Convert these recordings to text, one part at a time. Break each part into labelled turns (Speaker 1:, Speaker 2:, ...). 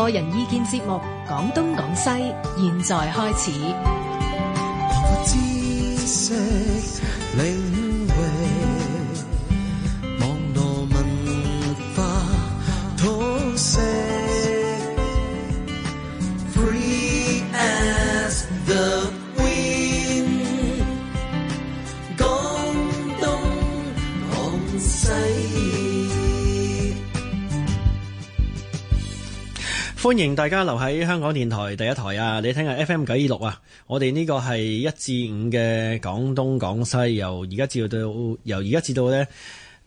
Speaker 1: 個人意見
Speaker 2: 節目《講東講西》，現在開始。 歡迎大家留喺香港電台第一台啊！你聽下 FM 九二六啊，我哋呢個係一至五嘅廣東廣西，由而家至到由而家至到呢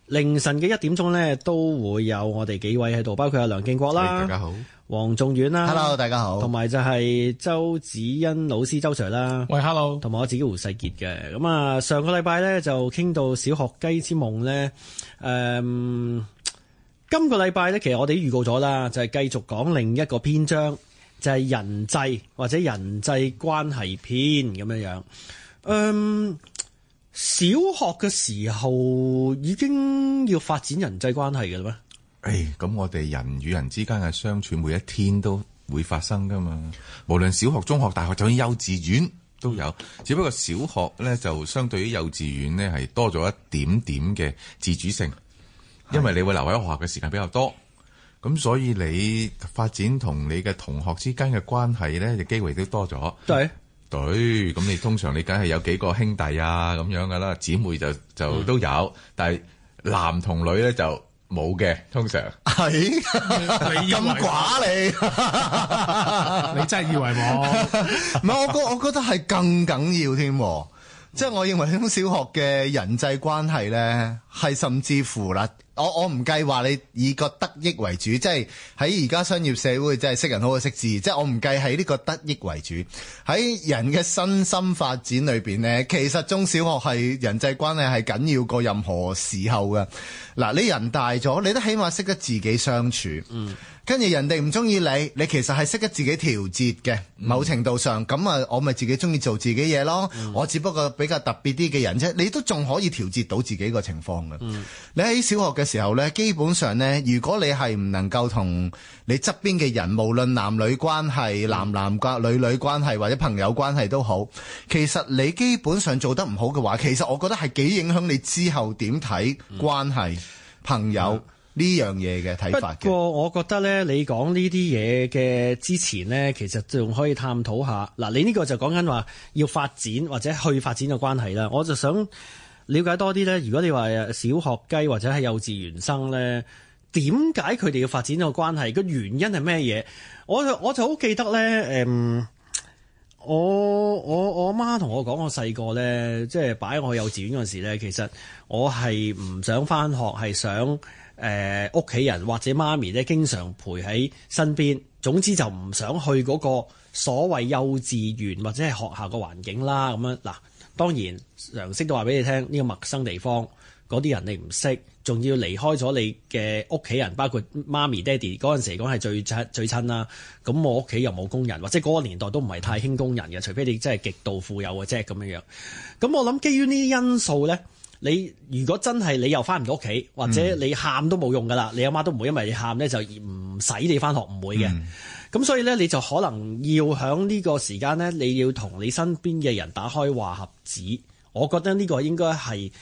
Speaker 2: 凌晨嘅一點鐘呢，都會有我哋幾位喺度，包括阿梁敬國啦，大家好，黃仲遠啦，Hello 大家好，同埋就係周子恩老師周 Sir 啦，喂 Hello，同埋我自己胡世杰嘅，咁啊上個禮拜呢，就傾到小學雞之夢呢。誒、嗯。今個禮拜咧，其實我哋預告咗啦，就係、是、繼續講另一個篇章，就係、是、人際或者人際關係篇咁樣樣。嗯，小學嘅時候已經要發展
Speaker 3: 人際關係嘅啦咩？誒、哎，咁我哋人與人之間嘅相處，每一天都會發生噶嘛。無論小學、中學、大學，就算幼稚園都有，只不過小學咧就相對於幼稚園咧係多咗一點點嘅自主性。因為你會留喺學校嘅時間比較多，咁所以你發展同你嘅同學之間嘅關係咧，就機會都多咗。對，對，咁你通常你梗係有幾個兄弟啊咁樣噶啦，姊妹就就都有，嗯、但係男同女咧就冇嘅，通常。
Speaker 1: 係是，咁 寡你， 你真係以為我？唔係我覺我覺得係更緊要添喎。即係我認為中小學嘅人際關係呢，係甚至乎啦。我我唔計話你以個得益為主，即係喺而家商業社會，即係識人好過識字。即係我唔計喺呢個得益為主，喺人嘅身心發展裏邊呢，其實中小學係人際關係係緊要過任何時候嘅。嗱，你人大咗，你都起碼識得自己相處。嗯。跟住人哋唔中意你，你其實係識得自己調節嘅，嗯、某程度上咁啊，我咪自己中意做自己嘢咯。嗯、我只不過比較特別啲嘅人啫，你都仲可以調節到自己個情況嘅。嗯、你喺小學嘅時候咧，基本上咧，如果你係唔能夠同你側邊嘅人，無論男女關係、嗯、男男關、女女關係或者朋友關係都好，其實你基本上做得唔好嘅話，其實我覺得係幾影響你之後點睇關係、嗯、朋友。嗯呢樣嘢嘅睇法，
Speaker 2: 不過我覺得咧，你講呢啲嘢嘅之前咧，其實仲可以探討下嗱。你呢個就講緊話要發展或者去發展嘅關係啦。我就想了解多啲咧。如果你話小學雞或者係幼稚園生咧，點解佢哋要發展個關係？個原因係咩嘢？我我就好記得咧，誒、嗯，我我我媽同我講，我細個咧即係擺我去幼稚園嗰時咧，其實我係唔想返學，係想。誒屋企人或者媽咪咧，經常陪喺身邊。總之就唔想去嗰個所謂幼稚園或者係學校嘅環境啦。咁樣嗱，當然常識都話俾你聽，呢個陌生地方，嗰啲人你唔識，仲要離開咗你嘅屋企人，包括媽咪、爹哋。嗰陣時嚟講係最親最親啦。咁我屋企又冇工人，或者嗰個年代都唔係太興工人嘅，除非你真係極度富有嘅啫咁樣樣。咁我諗基於呢啲因素咧。你如果真係你又翻唔到屋企，或者你喊都冇用噶啦，嗯、你阿媽都唔會因為你喊咧就唔使你翻學，唔會嘅。咁、嗯、所以咧，你就可能要喺呢個時間咧，你要同你身邊嘅人打開話匣子。我覺得呢個應該係，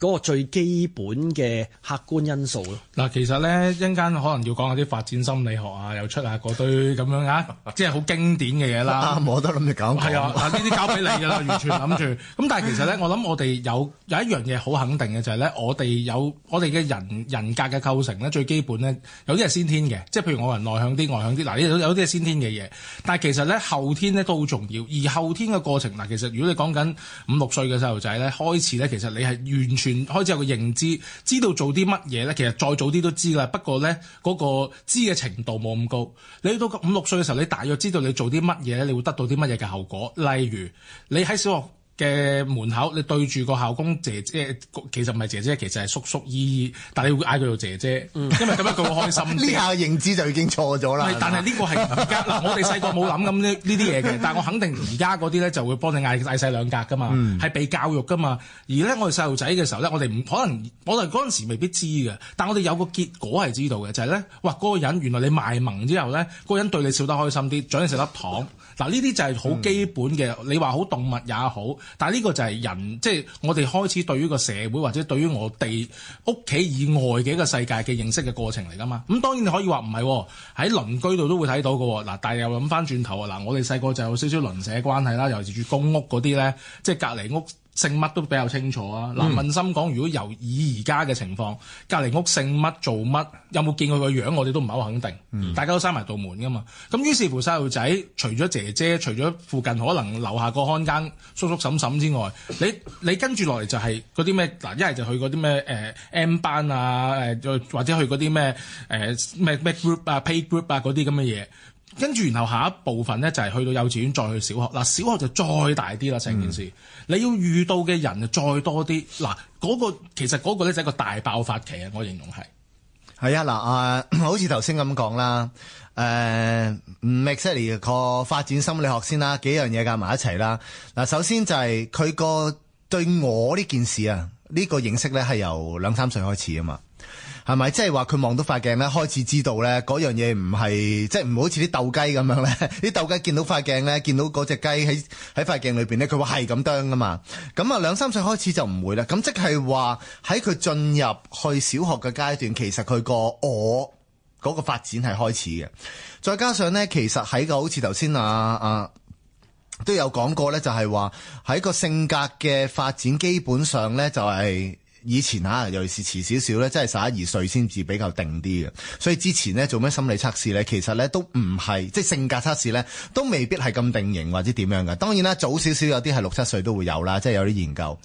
Speaker 2: 嗰個最基本嘅客觀因素咯。
Speaker 4: 嗱，其實咧一陣間可能要講下啲發展心理學啊，又出下嗰堆咁樣啊，即係好經典嘅嘢啦。我都諗住講，係啊，呢啲交俾你㗎啦，完全諗住。咁 但係其實咧，我諗我哋有有一樣嘢好肯定嘅就係、是、咧，我哋有我哋嘅人人格嘅構成咧，最基本咧有啲係先天嘅，即係譬如我人內向啲、外向啲。嗱、呃，有有啲係先天嘅嘢，但係其實咧後天咧都好重要。而後天嘅過程嗱，其實如果你講緊五六歲嘅細路仔咧開始咧，其實你係完全，全開始有個認知，知道做啲乜嘢咧？其實再早啲都知啦，不過咧，嗰個知嘅程度冇咁高。你到五六歲嘅時候，你大約知道你做啲乜嘢咧，你會得到啲乜嘢嘅後果。例如你喺小學，嘅門口，你對住個校工姐姐，其實唔係姐姐，其實係叔叔姨姨，但係你會嗌佢做姐姐，嗯、因為咁樣佢會開心。呢 下
Speaker 1: 認知就已經錯咗啦。但係呢個係唔得，我哋細個冇諗咁呢呢啲嘢嘅。但係我肯
Speaker 4: 定而家嗰啲咧就會幫你嗌大細兩格㗎嘛，係、嗯、被教育㗎嘛。而咧我哋細路仔嘅時候咧，我哋唔可能，我哋嗰陣時未必知嘅，但係我哋有個結果係知道嘅，就係、是、咧，哇嗰、那個人原來你賣萌之後咧，嗰、那個人對你笑得開心啲，準你食粒糖。 嗱，呢啲就係好基本嘅，嗯、你話好動物也好，但係呢個就係人，即係我哋開始對於個社會或者對於我哋屋企以外嘅一個世界嘅認識嘅過程嚟㗎嘛。咁、嗯、當然你可以話唔係喎，喺鄰居度都會睇到嘅喎。嗱，但係又諗翻轉頭啊，嗱，我哋細個就有少少鄰舍關係啦，尤其是住公屋嗰啲咧，即係隔離屋。姓乜都比較清楚啊！嗱，問心講，如果由以而家嘅情況，嗯、隔離屋姓乜做乜，有冇見過個樣，我哋都唔係好肯定。嗯、大家都閂埋道門噶嘛，咁於是乎細路仔除咗姐姐，除咗附近可能樓下個看更、叔叔、嬸嬸之外，你你跟住落嚟就係嗰啲咩？嗱，一係就去嗰啲咩誒 M 班啊，誒或者去嗰啲咩誒咩咩 group 啊、playgroup 啊嗰啲咁嘅嘢。跟住，然後下一部分咧就係去到幼稚園，再去小學。嗱，小學就再大啲啦，成件事你要遇到嘅人就再多啲。嗱、那個，嗰個其實嗰個咧就係個大爆發期啊，我形容係。
Speaker 1: 係啊，嗱、呃、啊，好似頭先咁講啦，誒，Maxwell 嘅個發展心理學先啦，幾樣嘢夾埋一齊啦。嗱，首先就係佢個對我呢件事啊，呢、這個認識咧係由兩三歲開始啊嘛。係咪？即係話佢望到塊鏡呢，開始知道呢嗰樣嘢，唔係即係唔好似啲鬥雞咁樣呢。啲鬥雞見到塊鏡呢，見到嗰隻雞喺喺塊鏡裏邊咧，佢話係咁啄噶嘛。咁啊，兩三歲開始就唔會啦。咁即係話喺佢進入去小學嘅階段，其實佢個我嗰個發展係開始嘅。再加上呢，其實喺個好似頭先啊啊都有講過呢，就係話喺個性格嘅發展，基本上呢，就係。以前嚇，尤其是遲少少咧，即係十一二歲先至比較定啲嘅。所以之前咧做咩心理測試咧，其實咧都唔係，即係性格測試咧都未必係咁定型或者點樣嘅。當然啦，早少少有啲係六七歲都會有啦，即係有啲研究。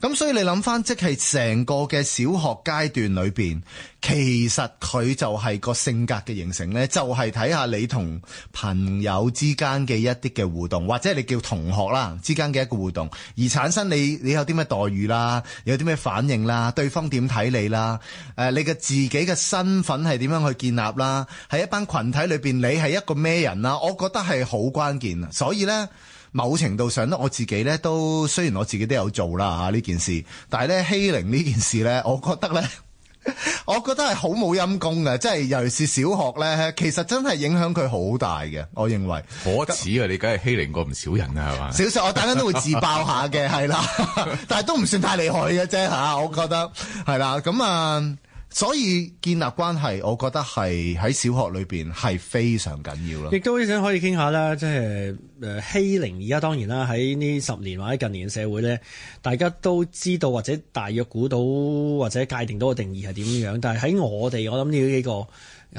Speaker 1: 咁所以你諗翻，即係成個嘅小學階段裏邊。其實佢就係個性格嘅形成呢，就係睇下你同朋友之間嘅一啲嘅互動，或者你叫同學啦之間嘅一個互動，而產生你你有啲咩待遇啦，有啲咩反應啦，對方點睇你啦，誒，你嘅自己嘅身份係點樣去建立啦？喺一班群，群體裏邊，你係一個咩人啦？我覺得係好關鍵，所以呢，某程度上呢，我自己呢都雖然我自己都有做啦吓呢、啊、件事，但係呢欺凌呢件事呢，我覺得呢。 我覺得係好冇陰功嘅，即係尤其是小學咧，其實真係影響佢好大嘅。我認為
Speaker 3: 可恥啊！ 你梗係欺凌過唔少人啊，係嘛？ 少少，我大家都會自爆下
Speaker 1: 嘅，係啦， 但係都唔算太厲害嘅啫吓，我覺得係啦，咁啊。所以建立關係，我覺得係喺小學裏邊係非常緊要啦。亦
Speaker 2: 都好想可以傾下啦，即係誒欺凌。而家當然啦，喺呢十年或者近年嘅社會咧，大家都知道或者大約估到或者界定到個定義係點樣，但係喺我哋，我諗呢幾個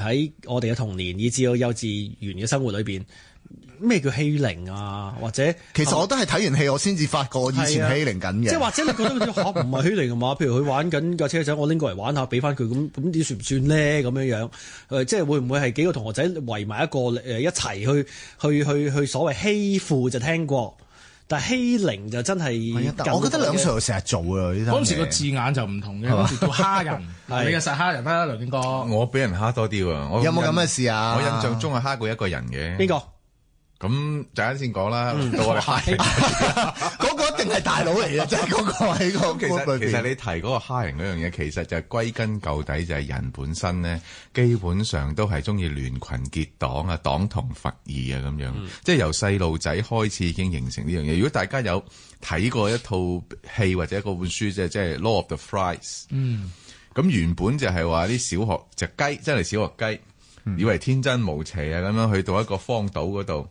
Speaker 2: 喺我哋嘅童年以至到幼稚園嘅生活裏邊。咩叫欺凌啊？或者其實我都係睇完戲，我先至發覺以前欺凌緊嘅吧。即係或者你覺得佢
Speaker 3: 嚇唔係
Speaker 2: 欺凌㗎嘛？譬如佢玩緊架車仔，我拎過嚟玩下，俾翻佢咁，咁點算唔算呢？咁樣樣、嗯、即係會唔會係幾個同學仔圍埋一個誒一齊去去去去，去所謂欺負就聽過，但係欺凌就真係我
Speaker 4: 覺得兩歲成
Speaker 3: 日做啊！嗰陣時個
Speaker 4: 字眼就唔同
Speaker 2: 嘅，叫
Speaker 3: 蝦吧人， 你嘅實蝦人啦、啊，梁敬哥，我俾人蝦多啲喎、啊。有冇咁嘅事啊？ 我印象中係蝦過一個人嘅。邊個？咁陣間先講啦，嗰個蝦，
Speaker 1: 嗰個一定係大佬嚟嘅，即係嗰個喺其實其實你
Speaker 3: 提嗰個蝦人嗰樣嘢，其實就係歸根究底就係人本身咧，基本上都係鍾意聯群結黨啊，黨同伐異啊咁樣。嗯、即係由細路仔開始已經形成呢樣嘢。如果大家有睇過一套戲或者一本書，即係即係《Lord of the Flies》。嗯。咁、嗯、原本就係話啲小學隻雞，真係小學雞，以為天真無邪啊，咁樣去到一個荒島嗰度。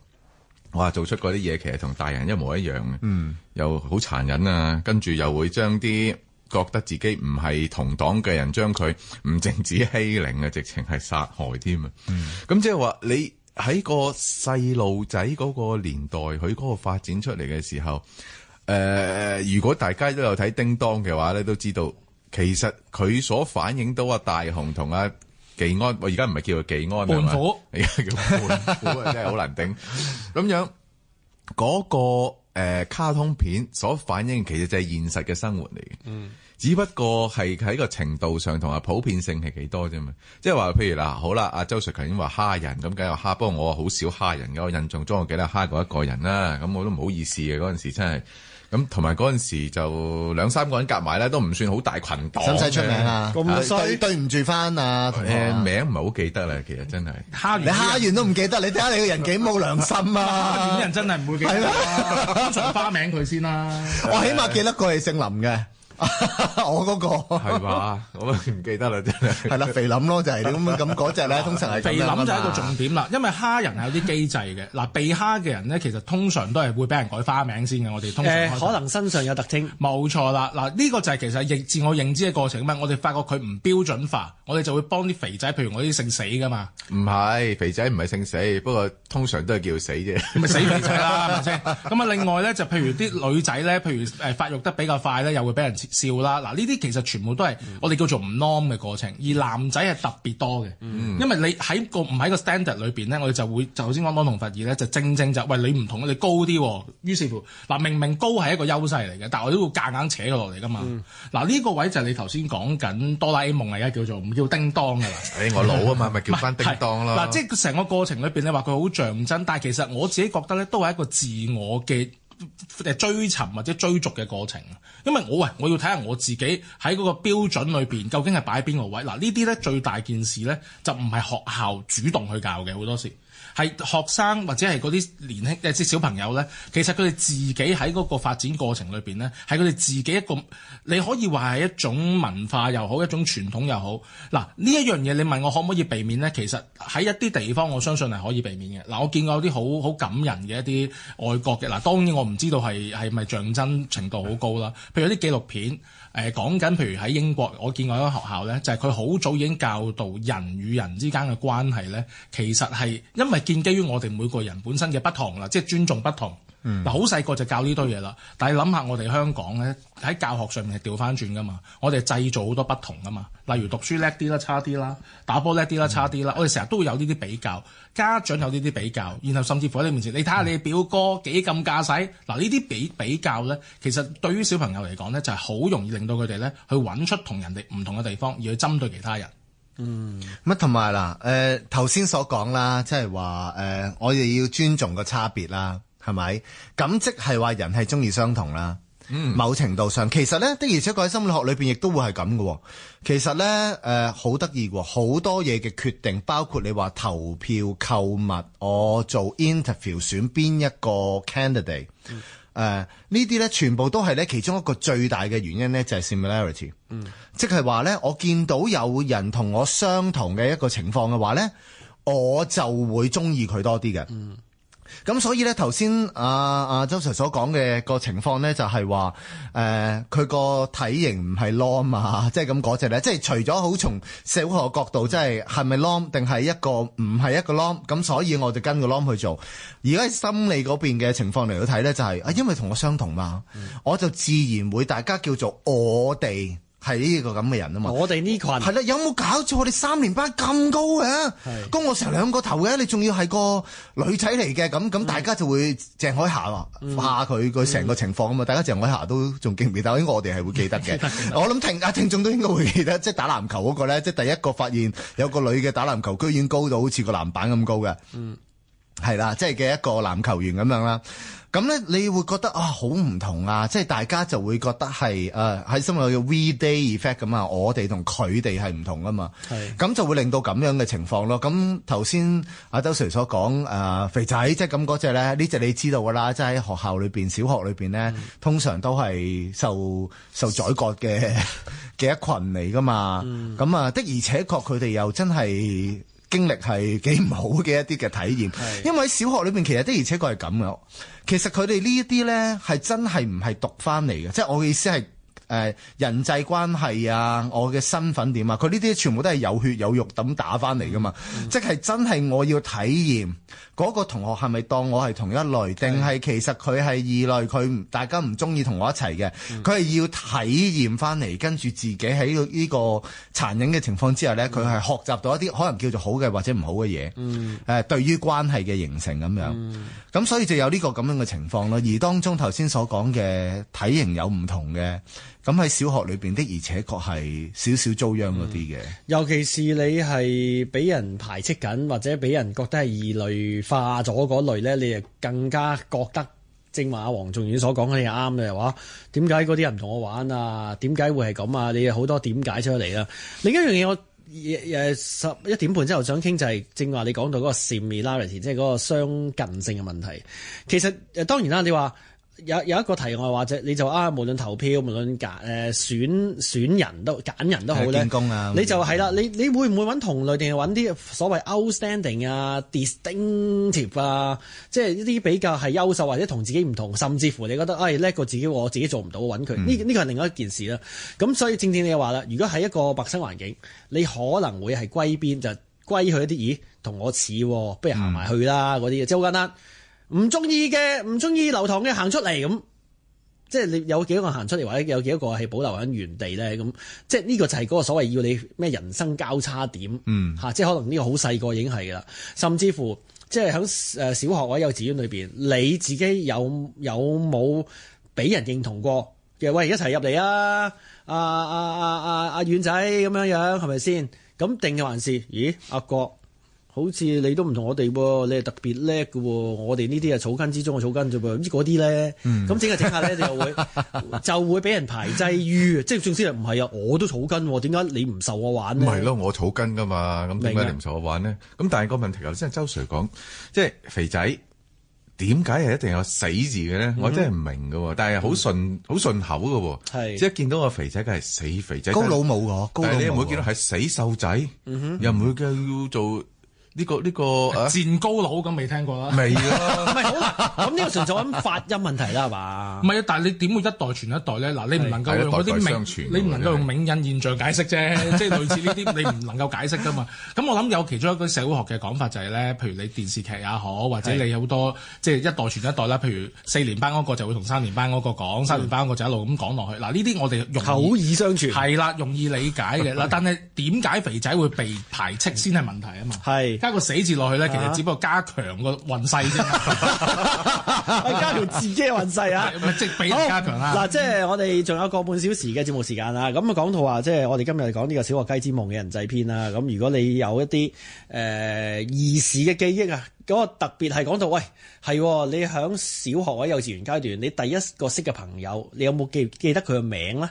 Speaker 3: 我話做出嗰啲嘢其實同大人一模一樣嘅、啊，嗯、又好殘忍啊！跟住又會將啲覺得自己唔係同黨嘅人，將佢唔淨止欺凌啊，直情係殺害添啊！咁即係話你喺個細路仔嗰個年代，佢嗰個發展出嚟嘅時候，誒、呃，如果大家都有睇《叮當》嘅話咧，都知道其實佢所反映到啊，大雄同阿。技安，我而家唔係叫做技安啊嘛，而家府叫伴虎啊， 真係好難頂。咁樣嗰、嗰個誒、呃、卡通片所反映，其實就係現實嘅生活嚟嘅，嗯、只不過係喺個程度上同埋普遍性係幾多啫嘛。即係話，譬如嗱，好啦，阿周瑞強已經話蝦人，咁梗係蝦。不過我好少蝦人噶，我印象中、啊、我記得蝦過一個人啦，咁我都唔好意思嘅。嗰陣時真係。咁同埋嗰陣時就兩三個人夾埋咧，都唔算好大群黨，使唔使出名啊，咁衰
Speaker 1: 對唔住翻啊！誒
Speaker 3: 名唔係好記得啦，其實真係
Speaker 1: 蝦完，蝦完都唔記得你，睇下你個人幾冇良心啊！啲人，人真係唔會記得、啊。通常吧花名佢先啦、啊， 我起碼記得佢係姓林嘅。 我嗰那個係 嘛？我唔記得啦，真係。係啦，肥林咯，就係咁咁嗰隻咧， 通常係。肥林就係一個重
Speaker 4: 點啦， 因為蝦人係有啲機制嘅嗱，俾、呃、蝦嘅人咧，其實通常都係會俾人改花名先嘅。我哋通常、欸、可能身上有特徵。冇 錯啦，嗱呢、呢個就係其實逆自我認知嘅過程啊嘛。我哋發覺佢唔標準化，我哋就會幫啲肥仔，譬如我啲姓死㗎嘛。唔
Speaker 3: 係肥仔唔係姓死，不過通常都係叫死啫。咁 咪死肥仔啦，係咪
Speaker 4: 先？咁啊，另外咧就譬如啲女仔咧，譬如誒發育得比較快咧，又會俾人。笑啦，嗱呢啲其實全部都係我哋叫做唔 norm 嘅過程，嗯、而男仔係特別多嘅，嗯、因為你喺個唔喺個 standard 裏邊咧，我哋就會就頭先講講同佛兒咧，就正正就喂，你唔同，你高啲喎，於是乎嗱明明高係一個優勢嚟嘅，但係我都會夾硬扯佢落嚟噶嘛。嗱呢、嗯啊這個位就係你頭先講緊哆啦 A 夢而家叫做唔叫叮當㗎 啦。
Speaker 1: 我老 啊嘛，咪叫翻叮當咯。嗱即
Speaker 4: 係成個過程裏邊咧，話佢好象真，但係其實我自己覺得咧，都係一個自我嘅。係追尋或者追逐嘅過程，因為我喂我要睇下我自己喺嗰個標準裏邊究竟係擺邊個位。嗱，呢啲咧最大件事咧，就唔係學校主動去教嘅，好多時。係學生或者係嗰啲年輕，誒即係小朋友咧，其實佢哋自己喺嗰個發展過程裏邊咧，係佢哋自己一個，你可以話係一種文化又好，一種傳統又好。嗱，呢一樣嘢，你問我可唔可以避免咧？其實喺一啲地方，我相信係可以避免嘅。嗱，我見過有啲好好感人嘅一啲外國嘅，嗱當然我唔知道係係咪象徵程度好高啦。譬如啲紀錄片。誒講緊，譬如喺英國，我見過一間學校咧，就係佢好早已經教導人與人之間嘅關係咧，其實係因為建基於我哋每個人本身嘅不同啦，即係尊重不同。嗱，嗯、好細個就教呢堆嘢啦。但係諗下，我哋香港咧喺教學上面係調翻轉噶嘛。我哋製造好多不同噶嘛，例如讀書叻啲啦，差啲啦；打波叻啲啦，差啲啦。嗯、我哋成日都會有呢啲比較，家長有呢啲比較，然後甚至乎喺你面前，你睇下你表哥幾咁、嗯、駕駛嗱？呢啲比比較咧，其實對於小朋友嚟講咧，就係、係、好容易令到佢哋咧去揾出人同人哋唔同嘅地方，而去針對其他人。
Speaker 1: 嗯，咁同埋啦，誒頭先所講啦，即係話誒，我哋要尊重個差別啦。係咪？咁即係話人係中意相同啦。
Speaker 3: Mm. 某
Speaker 1: 程度上，其實咧的而且確喺心理學裏邊亦都會係咁噶。其實咧，誒好得意，好、哦、多嘢嘅決定，包括你話投票、購物，我做 interview 選邊一個 candidate，誒、mm. 呃、呢啲咧全部都係咧其中一個最大嘅原因咧就係、是、similarity、mm. 即係話咧我見到有人同我相同嘅一個情況嘅話咧，我就會中意佢多啲嘅。Mm. 咁所以咧，頭先阿阿周 Sir 所講嘅個情況咧，就係話，誒佢個體型唔係 norm 啊，即係咁嗰隻咧，即係除咗好從社會學角度，即係係咪 norm 定係一個唔係一個 norm，咁所以我就跟個 norm 去做。而家喺心理嗰邊嘅情況嚟到睇咧，就係啊，因為同我相同嘛，我就自然會大家叫做我哋。係呢個咁嘅人啊嘛！我哋呢羣係啦，有冇搞錯？我哋三年班咁高嘅、啊，高是我成兩個頭嘅，你仲要係個女仔嚟嘅？咁咁大家就會鄭海霞話佢個成個情況啊嘛！大家鄭海霞都仲記唔記得？應該我哋係會記得嘅。 我諗聽啊，聽眾都應該會記得，即、就、係、是、打籃球嗰個咧，即、就、係、是、第一個發現有個女嘅打籃球，居然高到好似個籃板咁高嘅。嗯，係啦，即係嘅一個籃球員咁樣啦。咁咧，你會覺得啊，好、哦、唔同啊，即係大家就會覺得係誒喺心裏嘅 we day effect 咁啊，我哋同佢哋係唔同噶嘛，咁是就會令到咁樣嘅情況咯。咁頭先阿周 Sir 所講誒、呃、肥仔即係咁嗰隻咧，呢隻你知道噶啦，即係喺學校裏邊、小學裏邊咧，嗯、通常都係受受宰割嘅嘅 一群嚟噶嘛。咁、嗯、啊，的而且確佢哋又真係。經歷係幾唔好嘅一啲嘅體驗，是因為喺小學裏邊，其實的而且確係咁嘅。其實佢哋呢一啲咧，係真係唔係讀翻嚟嘅，即、就、係、是、我嘅意思係誒、呃、人際關係啊，我嘅身份點啊，佢呢啲全部都係有血有肉咁打翻嚟㗎嘛，即係、嗯嗯、真係我要體驗。嗰個同學係咪當我係同一類，定係的其實佢係異類？佢大家唔中意同我一齊嘅，佢係、嗯、要體驗翻嚟，跟住自己喺呢個殘忍嘅情況之下呢，佢係學習到一啲可能叫做好嘅或者唔好嘅嘢。誒、嗯呃，對於關係嘅形成咁樣，咁、嗯、所以就有呢個咁樣嘅情況咯。而當中頭先所講嘅體型有唔同嘅，咁喺小學裏邊的，而且確係少少遭殃嗰啲嘅，尤其是
Speaker 2: 你係俾人排斥緊，或者俾人覺得係異類。化咗嗰類咧，你誒更加覺得正話阿黃仲遠所講嘅嘢啱嘅話，點解嗰啲人唔同我玩啊？點解會係咁啊？你有好多點解出嚟啊？另一樣嘢，我誒十一點半之後想傾就係正話你講到嗰個 similarity 即係嗰個相近性嘅問題。其實當然啦，你話。有有一個題外話啫，你就啊，無論投票，無論揀誒選選人都揀人都好咧。敬國啊，你就係啦、嗯，你你會唔會揾同類定係揾啲所謂 outstanding 啊、distinctive 啊，即係呢啲比較係優秀或者同自己唔同，甚至乎你覺得誒叻過自己，我自己做唔到，揾佢呢？呢個係另外一件事啦。咁所以正正你又話啦，如果係一個陌生環境，你可能會係歸邊就歸佢一啲咦，同我似，不如行埋去啦嗰啲，嗯、即係好簡單。唔中意嘅，唔中意留堂嘅，行出嚟咁，即係你有幾多個行出嚟，或者有幾多個係保留喺原地咧？咁即係呢個就係嗰個所謂要你咩人生交叉點，嗯吓，即係可能呢個好細個已經係噶啦，甚至乎即係響誒小學或者幼稚園裏邊，你自己有有冇俾人認同過？嘅喂，一齊入嚟啊！阿阿阿阿阿遠仔咁樣樣係咪先？咁定嘅還是？咦，阿國？好似你都唔同我哋喎，你係特別叻㗎喎。我哋呢啲係草根之中嘅草根啫噃，唔知啲咧，
Speaker 3: 咁、嗯、整下整下咧就
Speaker 2: 會 就會俾
Speaker 3: 人排擠於，即係總之又唔係啊！我都草根，點解你唔受我玩唔係咯，我草根㗎嘛，咁點解你唔受我玩咧？咁但係個問題頭先係周 Sir 講，即係肥仔點解係一定有死字嘅咧？我真係唔明㗎喎，但係好順好、嗯、順口㗎喎，是即係見到個肥仔梗係死肥仔，高老母㗎，高老母，但係你唔會見到係死瘦仔，嗯、又唔會叫做。
Speaker 4: 呢個呢個佔高佬咁未聽過啦，未啊，唔係好難。咁呢個時候就諗發音問題啦，係嘛？唔係啊，但係你點會一代傳一代咧？嗱，你唔能夠用嗰啲名，你唔能夠用名印現象解釋啫，即係類似呢啲，你唔能夠解釋噶嘛。咁我諗有其中一個社會學嘅講法就係咧，譬如你電視劇也好，或者你有好多即係一代傳一代啦。譬如四年班嗰個就會同三年班嗰個講，三年班嗰個就一路咁講落去。嗱呢啲我哋口耳相傳係啦，容易理解嘅嗱。但係點解肥仔會被排斥先係問題啊嘛？係。加個死字落去咧，其實只不過加強個運勢啫。
Speaker 2: 加強自己嘅運勢啊！唔係 好即係加強啊！嗱，即係我哋仲有個半小時嘅節目時間啦。咁啊，講到話，即係我哋今日講呢個小學雞之夢嘅人際篇啦。咁如果你有一啲誒兒時嘅記憶啊，嗰、嗰個特別係講到，喂，係你響小學或幼稚園階段，你第一個識嘅朋友，你有冇記記得佢嘅名咧，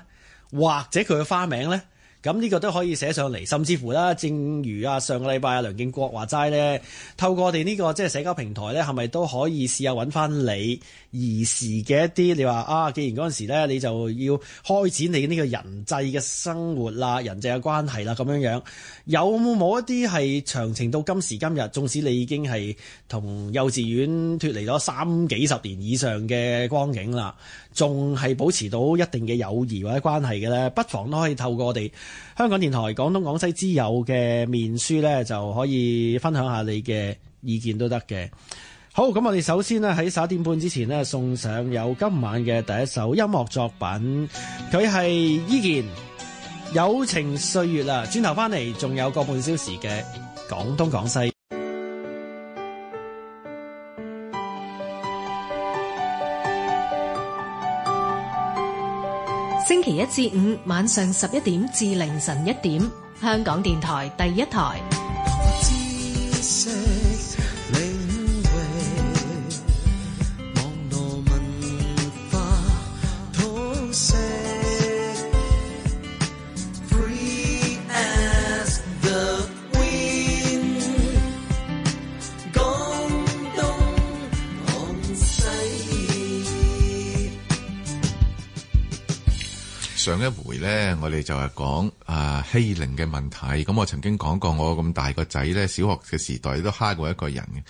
Speaker 2: 或者佢嘅花名咧？咁呢個都可以寫上嚟，甚至乎啦，正如啊，上個禮拜啊，梁敬國話齋呢，透過我哋呢個即係社交平台呢，係咪都可以試下揾翻你？兒時嘅一啲，你話啊，既然嗰陣時咧，你就要開展你呢個人際嘅生活啦、啊、人際嘅關係啦、啊，咁樣樣有冇一啲係長情到今時今日？縱使你已經係同幼稚園脱離咗三幾十年以上嘅光景啦，仲係保持到一定嘅友誼或者關係嘅呢？不妨都可以透過我哋香港電台廣東廣西之友嘅面書呢，就可以分享下你嘅意見都得嘅。好，咁我哋首先呢，喺十一點半之前呢，送上有今晚嘅第一首音樂作品，佢係伊健《友情歲月》啦。轉頭翻嚟仲有個半小時嘅廣東廣西。
Speaker 4: 星期一至五晚上十一點至凌晨一點，香港電台第一台。
Speaker 3: 上一回咧，我哋就係講啊欺凌嘅問題。咁、嗯、我曾經講過，我咁大個仔咧，小學嘅時代都蝦過一個人嘅。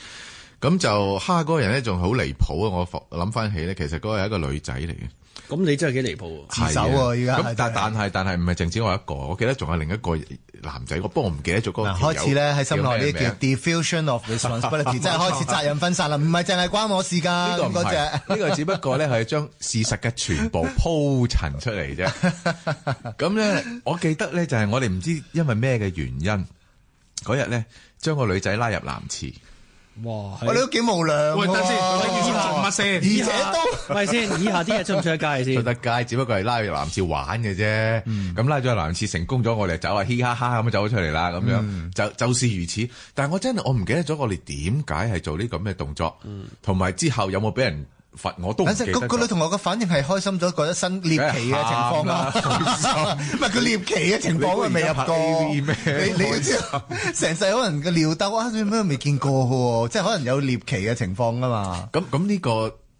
Speaker 3: 咁就蝦個人咧，仲好離譜啊！我諗翻起咧，其實嗰個係一個女仔嚟嘅。咁你真係幾離譜喎。自首喎，而家咁，但但係但係唔係淨止我一個，我記得仲有另一個男仔，不過我唔記得咗
Speaker 1: 嗰個開始咧喺心內呢，叫，叫 diffusion of responsibility，即係開始責任分散啦，唔係淨係關我事㗎，嗰只呢個只不過咧係將
Speaker 3: 事實嘅全部鋪陳出嚟啫。咁咧， 我記得咧就係、是、我哋唔知因為咩嘅原因，嗰日咧將個女仔拉入男廁。
Speaker 1: 哇！你都幾無良喎！喂，等先，以下乜事？以下都喂先，以下啲嘢出唔
Speaker 3: 出得街先？出得街，只不過係拉住男廁玩嘅啫。咁拉咗男廁成功咗，我哋走啊，嘻哈哈咁走咗出嚟啦。咁樣就就是如此。但係我真係我唔記得咗，我哋點解係做呢咁嘅動作？同埋之後有冇俾人？佛我都其實個女同學
Speaker 1: 嘅反應係開心咗，覺得新獵奇嘅情況啊。唔係佢獵奇嘅情況，佢未入到咩？你你成世可能個尿兜啊，做咩未見過喎？即係可能有獵奇嘅情況啊嘛！
Speaker 3: 咁咁呢個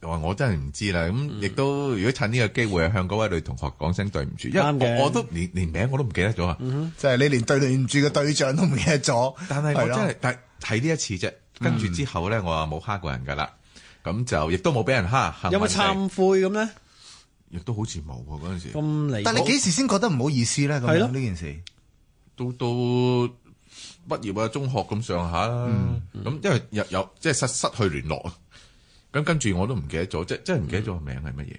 Speaker 3: 我我真係唔知啦。咁亦都如果趁呢個機會向嗰位女同學講聲對唔住，因為我都連連名我都唔記得咗啊！就
Speaker 1: 係你連對唔住嘅對象都唔記得咗，但係我真係
Speaker 3: 睇睇呢一次啫，跟住之後咧，我話冇蝦過人噶啦。咁就亦都冇俾人蝦，有冇懺
Speaker 1: 悔咁咧？亦都好似冇喎，嗰陣時咁，但你幾時先覺得唔好意思咧？係咯，呢
Speaker 3: 件事到到畢業啊，中學咁上下啦。咁、嗯嗯、因為有有即係失失去聯絡啊。咁跟住我都唔記得咗，嗯、即即係唔記得咗個名係乜嘢。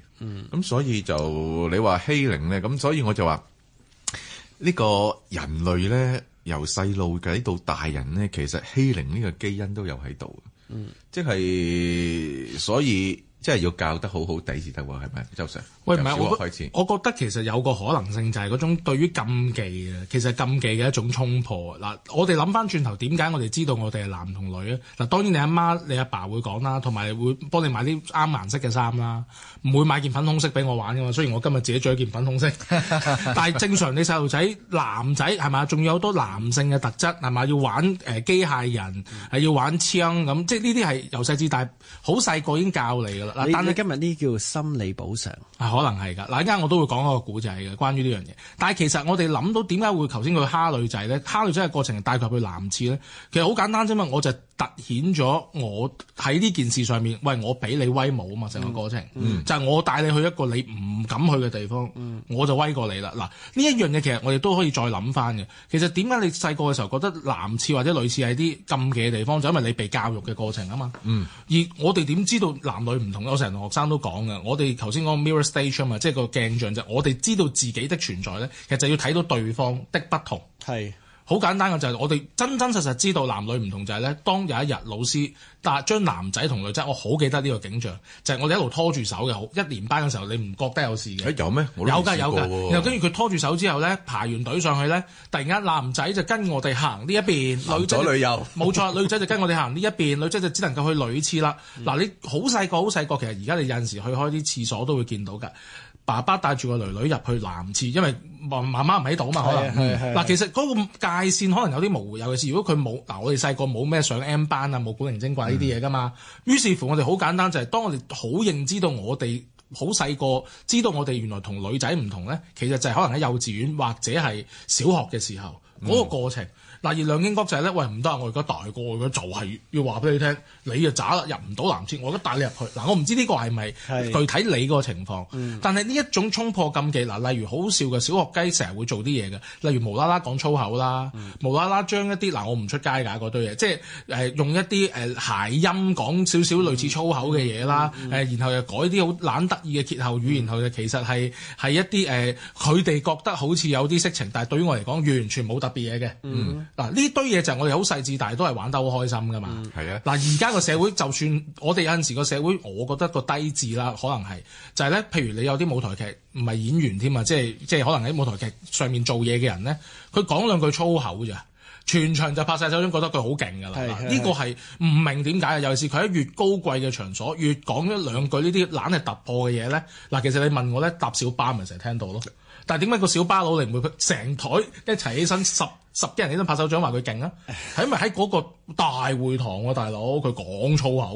Speaker 3: 咁、嗯、所以就你話欺凌咧，咁所以我就話呢、呢個人類咧，由細路計到大人咧，其實欺凌呢個基因都有喺度。嗯，即，即係所以。即係要教得好好哋先得喎，係咪周 Sir？喂，由小學開始，我覺得
Speaker 4: 其實有個可能性就係嗰種對於禁忌嘅，其實禁忌嘅一種衝破嗱。我哋諗翻轉頭，點解我哋知道我哋係男同女咧？嗱，當然你阿媽、你阿爸，爸會講啦，同埋會幫你買啲啱顏色嘅衫啦，唔會買件粉紅色俾我玩嘅嘛。雖然我今日自己著一件粉紅色， 但係正常你細路仔男仔係咪？仲有好多男性嘅特質係咪？要玩誒、呃、機械人，係、嗯、要玩槍咁，即係呢啲係由細至大好細個已經教你㗎啦。嗱，但係今
Speaker 2: 日呢叫心理補償，
Speaker 4: 哎、可能係㗎。嗱，一陣間我都會講一個古仔嘅，關於呢樣嘢。但係其實我哋諗到點解會頭先佢蝦女仔咧，蝦女仔嘅過程帶佢去男廁咧，其實好簡單啫嘛。我就突顯咗我喺呢件事上面，喂，我俾你威武啊嘛。成個過程、嗯嗯、就係我帶你去一個你唔敢去嘅地方，嗯、我就威過你啦。嗱，呢一樣嘢其實我哋都可以再諗翻嘅。其實點解你細個嘅時候覺得男廁或者女廁係啲禁忌嘅地方，就是、因為你被教育嘅過程啊嘛。嗯、而我哋點知道男女唔同？我成日同學生都講嘅，我哋頭先講 mirror stage 啊嘛，即係個鏡像就係、是、我哋知道自己的存在咧，其實就要睇到對方的不同。係。好簡單嘅就係我哋真真實實知道男女唔同就係咧，當有一日老師帶將男仔同女仔，我好記得呢個景象，就係、是、我哋一路拖住手嘅，好，一年班嘅時候你唔覺得有事嘅？誒
Speaker 3: 有咩？有
Speaker 4: 㗎有㗎，然後跟住佢拖住手之後咧，排完隊上去咧，突然間男仔就跟我哋行呢一邊，男左女右，冇錯，女仔就跟我哋行呢一邊， 女仔就只能夠去女廁啦。嗱、嗯、你好細個好細個，其實而家你有陣時去開啲廁所都會見到㗎。爸爸帶住個囡囡入去男廁，因為話媽媽唔喺度嘛，的可能嗱，其實嗰個界線可能有啲模糊，尤其是如果佢冇嗱，我哋細個冇咩上 M 班啊，冇古靈精怪呢啲嘢㗎嘛。嗯、於是乎我哋好簡單就係、是，當我哋好認知到我哋好細個知道我哋原來同女仔唔同咧，其實就係可能喺幼稚園或者係小學嘅時候嗰、嗯、個過程。嗱，而梁敬國就係、是、咧，喂，唔得我而家大個，我而家就係要話俾你聽，你就渣啦，入唔到藍天。我而家帶你入去。嗱，我唔知呢個係咪具體你個情況，嗯、但係呢一種衝破禁忌，嗱，例如好笑嘅小學雞成日會做啲嘢嘅，例如無啦啦講粗口啦，嗯、無啦啦將一啲嗱我唔出街㗎嗰堆嘢，即係誒用一啲誒、呃、諧音講少少類似粗口嘅嘢啦，誒、嗯嗯呃，然後又改啲好懶得意嘅歇後語，嗯、然後其實係係一啲誒，佢哋覺得好似有啲色情，但係對於我嚟講完全冇特別嘢嘅。嗯嗯嗱呢堆嘢就係我哋好細緻，但係都係玩得好開心噶嘛。係啊、嗯，嗱而家個社會就算我哋有陣時個社會，我覺得個低智啦，可能係就係咧。譬如你有啲舞台劇唔係演員添啊，即係即係可能喺舞台劇上面做嘢嘅人咧，佢講兩句粗口咋，全場就拍晒手掌，覺得佢好勁噶啦。呢個係唔明點解啊？尤其是佢喺越高貴嘅場所，越講一兩句呢啲懶係突破嘅嘢咧。嗱，其實你問我咧，搭小巴咪成日聽到咯。但係點解個小巴佬你唔會成枱一齊起，起身十十幾人起身拍手掌話佢勁啊？係 因為喺嗰個大會堂喎、啊，大佬佢講粗口，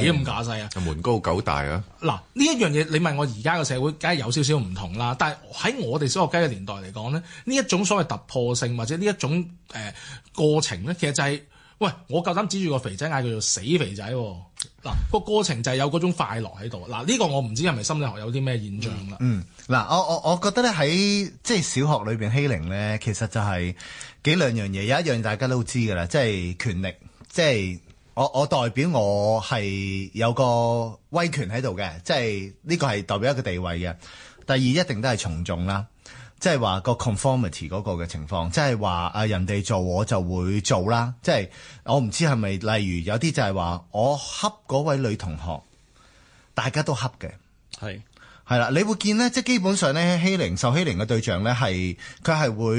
Speaker 4: 幾咁架
Speaker 3: 勢啊？嗯、啊門高狗大啊！
Speaker 4: 嗱，呢一樣嘢你問我而家嘅社會梗係有少少唔同啦，但係喺我哋小學雞嘅年代嚟講咧，呢一種所謂突破性或者呢一種誒、呃、過程咧，其實就係、是。喂，我夠膽指住個肥仔嗌佢做死肥仔喎、啊！嗱、啊，個過程就係有嗰種快樂喺度。嗱、啊，呢、呢個我唔知係咪心理學有啲咩現象
Speaker 1: 啦、嗯。嗯，嗱、啊，我我我覺得咧喺即係小學裏邊欺凌咧，其實就係幾兩樣嘢。有一樣大家都知㗎啦，即、就、係、是、權力，即、就、係、是、我我代表我係有個威權喺度嘅，即係呢個係代表一個地位嘅。第二一定都係從眾啦。即係話個 conformity 嗰個嘅情況，即係話啊人哋做我就會做啦，即係我唔知係咪例如有啲就係話我恰嗰位女同學，大家都恰嘅，係係啦，你會見咧，即係基本上咧欺凌受欺凌嘅對象咧係佢係會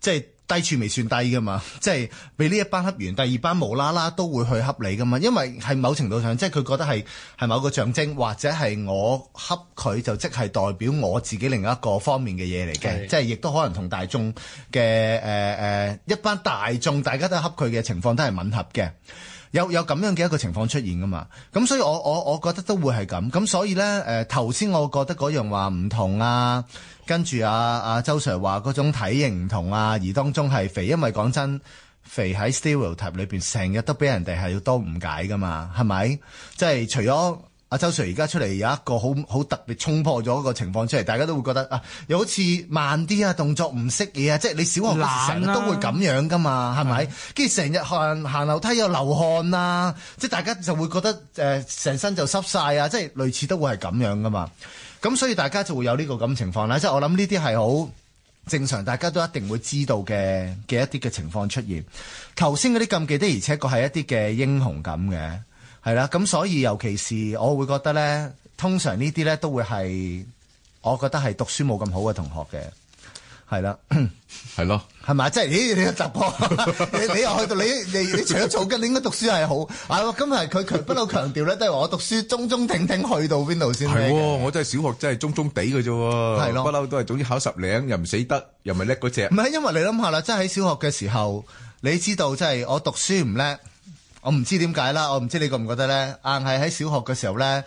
Speaker 1: 即係。低處未算低㗎嘛，即係俾呢一班恰完，第二班無啦啦都會去恰你㗎嘛，因為喺某程度上，即係佢覺得係係某個象徵，或者係我恰佢就即係代表我自己另一個方面嘅嘢嚟嘅，是即係亦都可能同大眾嘅誒誒一班大眾大家都恰佢嘅情況都係吻合嘅。有有咁樣嘅一個情況出現噶嘛？咁所以我我我覺得都會係咁。咁所以呢，誒頭先我覺得嗰樣話唔同啊，跟住啊啊周 Sir 話嗰種體型唔同啊，而當中係肥，因為講真，肥喺 stereotype 裏邊成日都俾人哋係要多誤解噶嘛，係咪？即係除咗。阿周 Sir 而家出嚟有一個好好特別衝破咗一個情況出嚟，大家都會覺得啊，又好似慢啲啊，動作唔識嘢啊，即係你小學時成日都會咁樣噶嘛，係咪冷、啊？跟住成日行行樓梯又流汗啊，即係大家就會覺得誒，成、呃、身就濕晒啊，即係類似都會係咁樣噶嘛。咁所以大家就會有呢個咁情況啦。即係我諗呢啲係好正常，大家都一定會知道嘅嘅一啲嘅情況出現。頭先嗰啲禁忌嘅，而且確係一啲嘅英雄感嘅。係啦，咁所以尤其是，我會覺得咧，通常呢啲咧都會係，我覺得係讀書冇咁好嘅同學嘅，係啦，係咯的，係咪即係咦，你又執過？ 你又去到你你，你，你，你除咗做嘅，你應該讀書係好。啊，今日佢強不嬲強調咧，都係我讀書中中挺挺去到邊度先。係我
Speaker 3: 真係小學真係中中地嘅啫。係咯的，不嬲都係
Speaker 1: 總之考十零又唔死得，又咪叻嗰隻。唔係，因為你諗下啦，即係喺小學嘅時候，你知道即係我讀書唔叻。我唔知點解啦，我唔知你覺唔覺得呢？硬係喺小學嘅時候呢，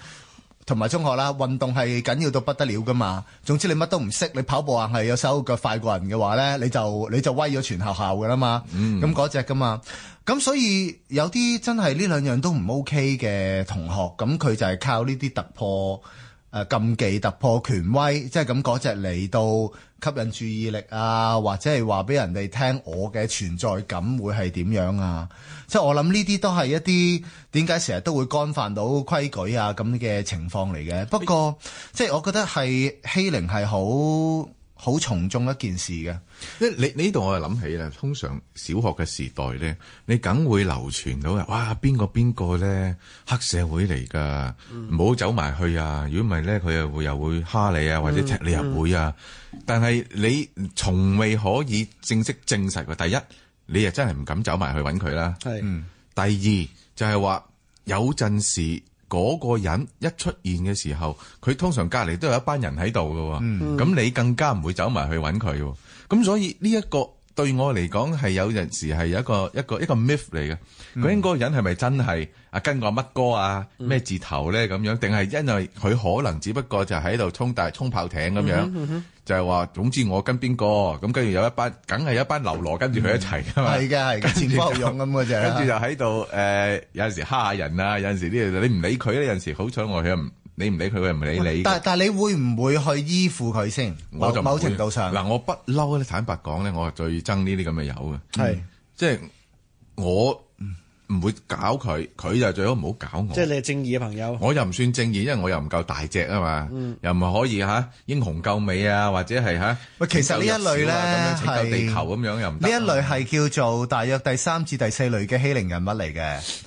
Speaker 1: 同埋中學啦，運動係緊要到不得了㗎嘛。總之你乜都唔識，你跑步硬係有手腳快過人嘅話呢，你就你就威咗全校校㗎喇嘛。咁嗰隻㗎嘛，咁所以有啲真係呢兩樣都唔 O K 嘅同學，咁佢就係靠呢啲突破誒、呃、禁忌、突破權威，即係咁嗰隻嚟到。吸引注意力啊，或者係話俾人哋聽我嘅存在感會係點樣啊？即係我諗呢啲都係一啲點解成日都會干犯到規矩啊咁嘅情況嚟嘅。不過唉即係我覺得係欺凌係好。好從眾一件事嘅，即係你呢度我又諗起啦。通常小學嘅時
Speaker 3: 代咧，你梗會流傳到呀，哇邊個邊個咧黑社會嚟噶，唔好、嗯、走埋去啊！如果唔係咧，佢又會又會蝦你啊，或者踢你入會啊。嗯嗯、但係你從未可以正式證實嘅，第一你又真係唔敢走埋去揾佢啦。係是、嗯，第二就係、是、話有陣時。嗰個人一出現嘅時候，佢通常隔籬都有一班人喺度嘅，咁、嗯、你更加唔會走埋去揾佢，咁所以呢、這、一個。對我嚟講係有陣時係一個一個一個 myth 嚟嘅，究竟個人係咪真係啊跟個乜哥啊咩字頭咧咁樣，定係因為佢可能只不過就喺度衝大衝炮艇咁樣，嗯嗯、就係話總之我跟邊個咁跟住有一班梗係有一班流羅跟住佢一齊噶嘛，係
Speaker 1: 嘅係嘅，前用咁嘅啫，跟住就
Speaker 3: 喺度誒有陣時蝦人啊，有陣時啲你唔理佢，有陣時好彩我佢唔。你唔理佢，佢又唔理你但。但
Speaker 1: 但係你會唔會去依附佢先？某程度上嗱
Speaker 3: 是，我不嬲，坦白講咧，我係最憎呢啲咁嘅友嘅。係，即係我唔會搞佢，佢就最好唔好搞我。即係你係正義嘅朋友。我又唔算正義，因為我又唔夠大隻啊嘛，嗯、又唔可以嚇、啊、英雄救美啊，或者
Speaker 1: 係嚇。喂、啊，其實呢一類咧係拯救地球咁、啊、樣又唔得、啊。呢一類係叫做大約第三至第四類嘅欺凌人物嚟嘅。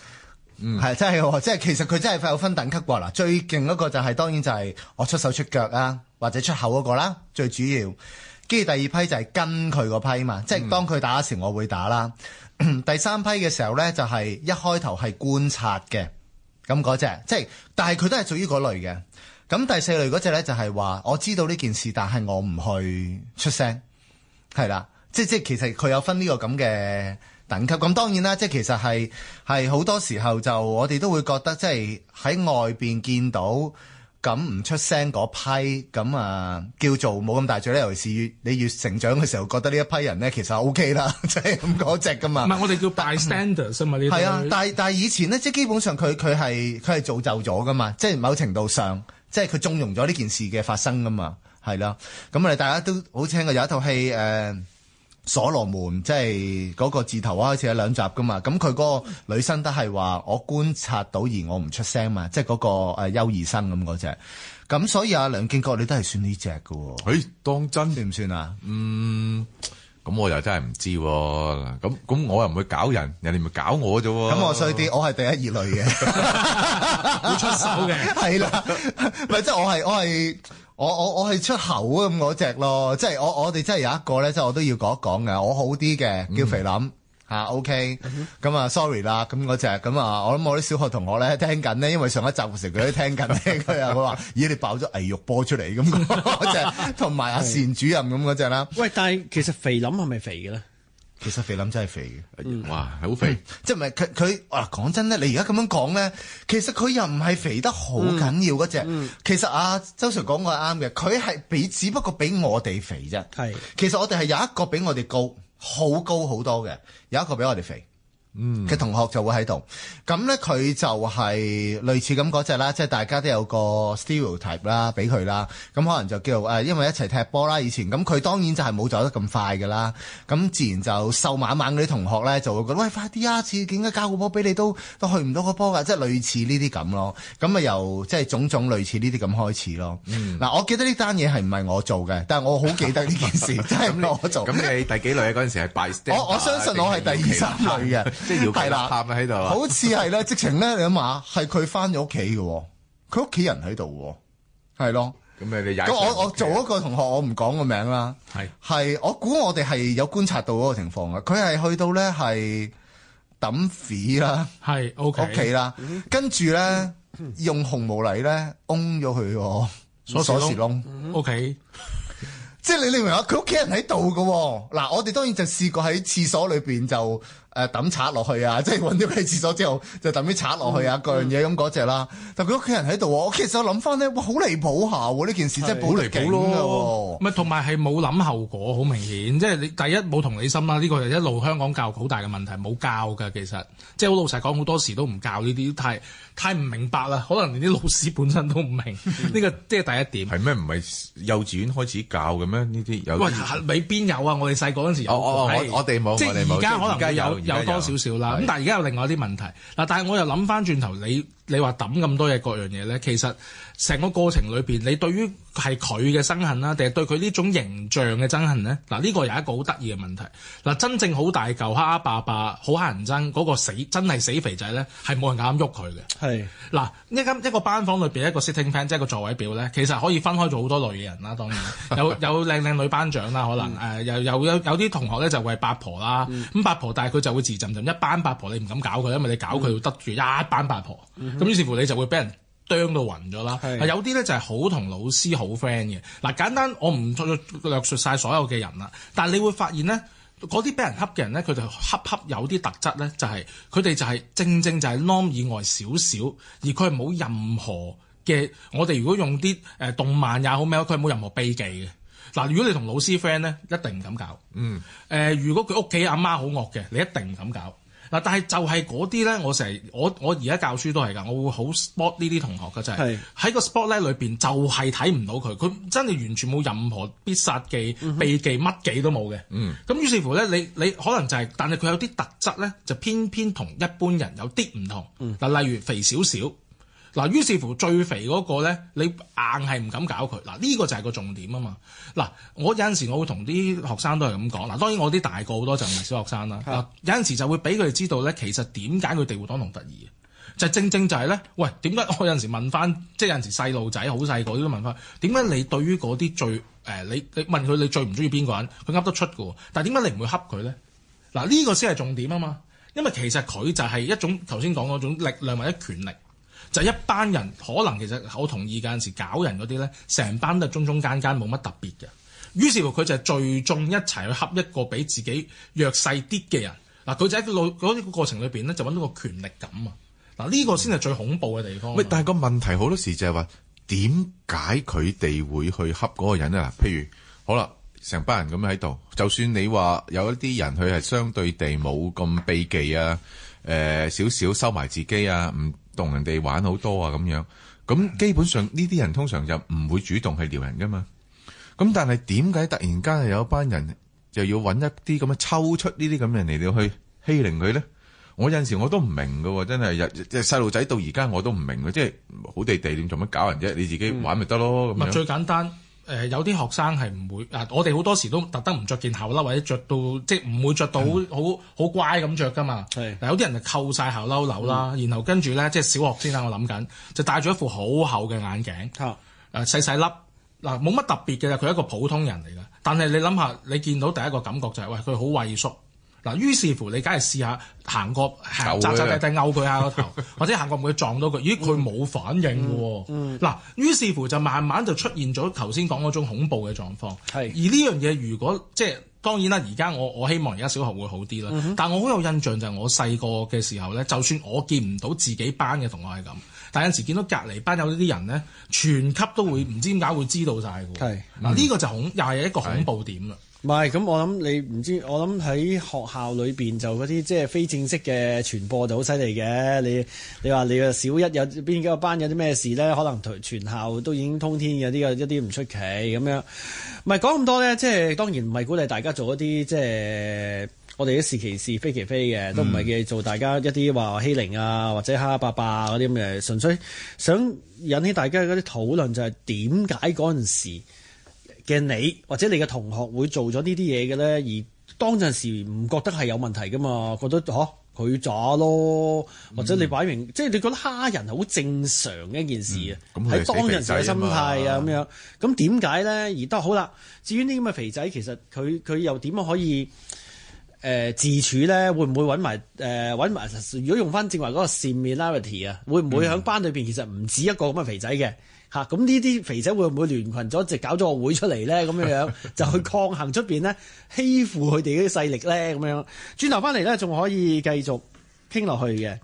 Speaker 1: 嗯，係真係，即 係其實佢真係有分等級啩嗱，最勁嗰個就係、是、當然就係我出手出腳啊，或者出口嗰、那個啦，最主要。跟住第二批就係跟佢嗰批嘛，即係當佢打嘅時候我會打啦。 第三批嘅時候呢，就係一開頭係觀察嘅，咁嗰隻，即係但係佢都係屬於嗰類嘅。咁第四類嗰隻呢，就係話我知道呢件事，但係我唔去出聲，係啦，即係即係其實佢有分呢個咁嘅。等級咁當然啦，即係其實係係好多時候就我哋都會覺得即係喺外邊見到咁唔出聲嗰批咁啊叫做冇咁大罪咧。尤其是你越，你越成長嘅時候，覺得呢一批人咧其實 OK 啦，即係咁嗰隻噶嘛。唔係 我
Speaker 4: 哋叫 bystanders 嘛但，呢哋係啊，啊但
Speaker 1: 係但係以前咧，即係基本上佢佢係佢係造就咗噶嘛，即係某程度上即係佢縱容咗呢件事嘅發生噶嘛，係啦。咁我哋大家都好清嘅有一套戲誒。呃所羅門即係嗰個字頭啊，開始有兩集噶嘛，咁佢嗰個女生都係話我觀察到而我唔出聲嘛，即係嗰、那個誒幼兒生咁嗰隻，咁所以阿、啊、梁敬國你都係算呢隻噶喎？誒、欸，當真點算，算啊？嗯，
Speaker 3: 咁我又真係唔知、啊，咁咁我又唔會搞人，人哋咪搞我啫、啊。咁我衰啲，我
Speaker 1: 係第一二類嘅，會出手嘅，係 啦 是的，唔係即係我係我係。我我我我係出口咁嗰隻咯，即係我我哋真係有一個咧，即係我都要講一講嘅，我好啲嘅叫肥林吓 OK 咁啊，sorry 啦，咁嗰隻，咁啊，okay，嗯、那那我諗我啲小學同學咧聽緊咧，因為上一集成佢都聽緊聽佢啊，佢話 咦你爆咗肥肉波出嚟咁嗰隻，同埋 阿善主任咁嗰隻啦。的喂，但係其實肥林係咪肥嘅咧？其實肥林真係肥嘅，嗯、哇，係好肥。嗯、即係唔係佢佢啊？講真咧，你而家咁樣講咧，其實佢又唔係肥得好緊要嗰隻。嗯、其實阿、啊、周 Sir 講嘅係啱嘅，佢係比只不過比我哋肥啫。係是，其實我哋係有一個比我哋高，好高好多嘅，有一個比我哋肥。嘅、嗯、同學就會喺度，咁咧佢就係類似咁嗰隻啦，即係大家都有個 stereotype 啦，俾佢啦，咁可能就叫做誒，因為一齊踢波啦，以前咁佢當然就係冇走得咁快嘅啦，咁自然就瘦蜢蜢啲同學咧就會覺得喂快啲啊，似點解交個波俾你都都去唔到個波㗎？即係類似呢啲咁咯，咁啊由，即係種種類似呢啲咁開始咯。嗱、嗯嗯，我記得呢單嘢係唔係我做嘅，但係我好記得呢件事 真係我做。
Speaker 3: 咁 你第幾類啊？嗰陣
Speaker 1: 時係 bystander 我我相信我係第二三類嘅。 對 即係要企立站喺度，好似係咧，直情咧，你諗下，係佢翻咗屋企嘅，佢屋企人喺度，係咯。咁你哋咗咁我我做一個同學，我唔講個名啦。係係，我估我哋係有觀察到嗰個情況嘅。佢係去到咧係抌屎 m p 廢啦，屋企啦，跟住咧用紅毛泥咧 on 咗佢，鎖鎖匙窿。O K，即係你明唔明啊？佢屋企人喺度嘅嗱，我哋當然就試過喺廁所裏邊就。誒抌刷落去啊！即係揾咗佢廁所之後，就抌啲刷落去啊！各樣嘢咁嗰隻啦。但佢屋企人喺度啊！我其實我諗翻咧，好離譜下喎！呢件事真係好離譜咯。咪同埋
Speaker 4: 係冇諗後果，好明顯。即係你第一冇同理心啦。呢個係一路香港教育好大嘅問題，冇教嘅其實。即係我老實講，好多時都唔教呢啲，太太唔明白啦。可能連啲老師本身都唔明。
Speaker 3: 呢個即係第一點。係咩？唔係幼稚園開始教嘅咩？呢啲幼稚園有喂，你邊有啊？我哋細個嗰陣時有。我哋冇。即係而家可能有。有多少
Speaker 4: 少啦，咁的但係而家有另外一啲問題嗱，的但係我又諗翻轉頭你。你話抌咁多嘢，各樣嘢咧，其實成個過程裏邊，你對於係佢嘅憎恨啦，定係對佢呢種形象嘅憎恨咧？嗱，呢、這個又係一個好得意嘅問題。嗱，真正好大嚿黑黑白白、好乞人憎嗰個死真係死肥仔咧，係冇人敢喐佢嘅。係嗱是，一間一個班房裏邊一個 seating plan 即係個座位表咧，其實可以分開咗好多類嘅人啦。當然有有靚靚女班長啦，可能誒，又又、 呃、有有啲同學咧就係八婆啦。咁、嗯、八婆，但係佢就會自震震一班八婆，你唔敢搞佢，因為你搞佢會得住一班八婆。 咁於是乎你就會俾人啄到暈咗啦。係的有啲咧就係好同老師好 friend 嘅。嗱，簡單，我唔再略述晒所有嘅人啦。但係你會發現咧，嗰啲俾人恰嘅人咧，佢就恰恰有啲特質咧、就係，就係佢哋就係正正就係 norm 以外少少，而佢係冇任何嘅。我哋如果用啲誒動漫也好咩，e l 佢冇任何秘技嘅。嗱，如果你同老師 friend 咧，一定唔敢搞。嗯。誒、呃，如果佢屋企阿媽好惡嘅，你一定唔敢搞。嗱，但係就係嗰啲咧，我成日我我而家教書都係噶，我會好 sport 呢啲同學噶，就是、就真係喺個 sport 咧裏邊就係睇唔到佢，佢真係完全冇任何必殺技、mm hmm. 秘技，乜技都冇嘅。咁、mm hmm. 於是乎咧，你你可能就係、是，但係佢有啲特質咧，就偏偏同一般人有啲唔同。嗱、mm，hmm. 例如肥少少。嗱，於是乎最肥嗰、那個咧，你硬係唔敢搞佢。嗱，呢個就係個重點啊嘛。嗱、啊，我有陣時我會同啲學生都係咁講。嗱，當然我啲大個好多就唔係小學生啦。嗱的、啊，有陣時就會俾佢哋知道咧，其實點解佢哋會當同得意。就是、正正就係、是、咧。喂，點解我有陣時問翻，即、就、係、是、有陣時細路仔好細個都問翻，點解你對於嗰啲最誒、呃、你你問佢你最唔中意邊個人，佢噏得出㗎。但係點解你唔會恰佢咧？嗱、啊，呢、這個先係重點啊嘛。因為其實佢就係一種頭先講嗰種力量或者權力。就一班人可能其實我同意，有陣時搞人嗰啲咧，成班都係中中間間冇乜特別嘅。於是乎佢就係聚眾一齊去恰一個比自己弱勢啲嘅人嗱。佢就喺個過程裏邊咧，就揾到個權力感啊嗱。呢、呢個先係最恐怖嘅地方。喂、嗯，
Speaker 3: 但係個問題好多時就係話點解佢哋會去恰嗰個人啊？譬如好啦，成班人咁喺度，就算你話有一啲人佢係相對地冇咁避忌啊，誒少少收埋自己啊，唔～同人哋玩好多啊，咁樣，咁基本上呢啲人通常就唔會主動去撩人噶嘛。咁但係點解突然間又有一班人就要揾一啲咁樣抽出呢啲咁人嚟到去欺凌佢咧？我有陣時我都唔明噶，真係，即係細路仔到而家我都唔明嘅，即係好地地點做乜搞人啫？你自己玩咪得咯咁樣咪最簡
Speaker 4: 單。誒、呃、有啲學生係唔會，啊、呃、我哋好多時都特登唔着件校褸啦，或者着到即係唔會着到好好的乖咁着噶嘛。係嗱的有啲人就扣晒校褸紐啦，嗯、然後跟住咧即係小學先生我諗緊就戴住一副好厚嘅眼鏡，誒、嗯呃、細細粒嗱，冇乜特別嘅，佢係一個普通人嚟㗎。但係你諗下，你見到第一個感覺就係、是、喂佢好畏縮。嗱，於是乎你梗係試，試過爪爪爪爪爪
Speaker 1: 下行過詐詐諦諦
Speaker 4: 勾佢下個頭，或者行過唔會撞到佢，咦佢冇反應喎。嗱，於是乎就慢慢就出現咗頭先講嗰種恐怖嘅狀況。係，而呢樣嘢如果即係當然啦，而家我我希望而家小學會好啲啦。但我好有印象就係我細個嘅時候咧，就算我見唔到自己班嘅同學係咁，但係有時見到隔離班有啲人咧，全級都會唔知點解會知道晒嘅。係，嗱呢個就恐又係一個恐怖點啦。
Speaker 2: 唔係，咁我諗你唔知，我諗喺學校裏邊就嗰啲即係非正式嘅傳播就好犀利嘅。你你話你嘅小一有邊幾個班有啲咩事咧？可能全全校都已經通天有啲一啲唔出奇咁樣。唔係講咁多咧，即係當然唔係鼓勵大家做一啲即係我哋一時其是非其非嘅，都唔係嘅做大家一啲話欺凌啊或者蝦蝦霸霸嗰啲咁嘅，純粹想引起大家嗰啲討論就係點解嗰陣時。嘅你或者你嘅同學會做咗呢啲嘢嘅咧，而當陣時唔覺得係有問題㗎嘛？覺得嚇佢渣咯，啊嗯、或者你擺明即係你覺得蝦人係好正常嘅一件事啊！喺、嗯嗯、當陣時嘅心態啊，咁樣咁點解咧？而都好啦。至於呢啲咁嘅肥仔，其實佢佢又點樣可以誒、呃、自處咧？會唔會揾埋誒揾埋？如果用翻正話嗰個 similarity 啊，會唔會喺班裏邊其實唔止一個咁嘅肥仔嘅？嚇！咁呢啲肥仔會唔會聯群咗，直搞咗個會出嚟咧？咁樣樣就去抗衡出邊咧，欺負佢哋嗰啲勢力咧？咁樣轉頭返嚟咧，仲可以繼續傾落去嘅。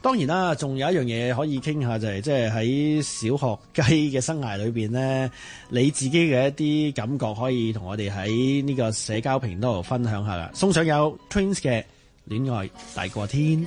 Speaker 2: 當然啦，仲有一樣嘢可以傾下，就係即係喺小學雞嘅生涯裏邊咧，你自己嘅一啲感覺可以同我哋喺呢個社交平台度分享下啦。送上有 Twins 嘅戀愛大過天。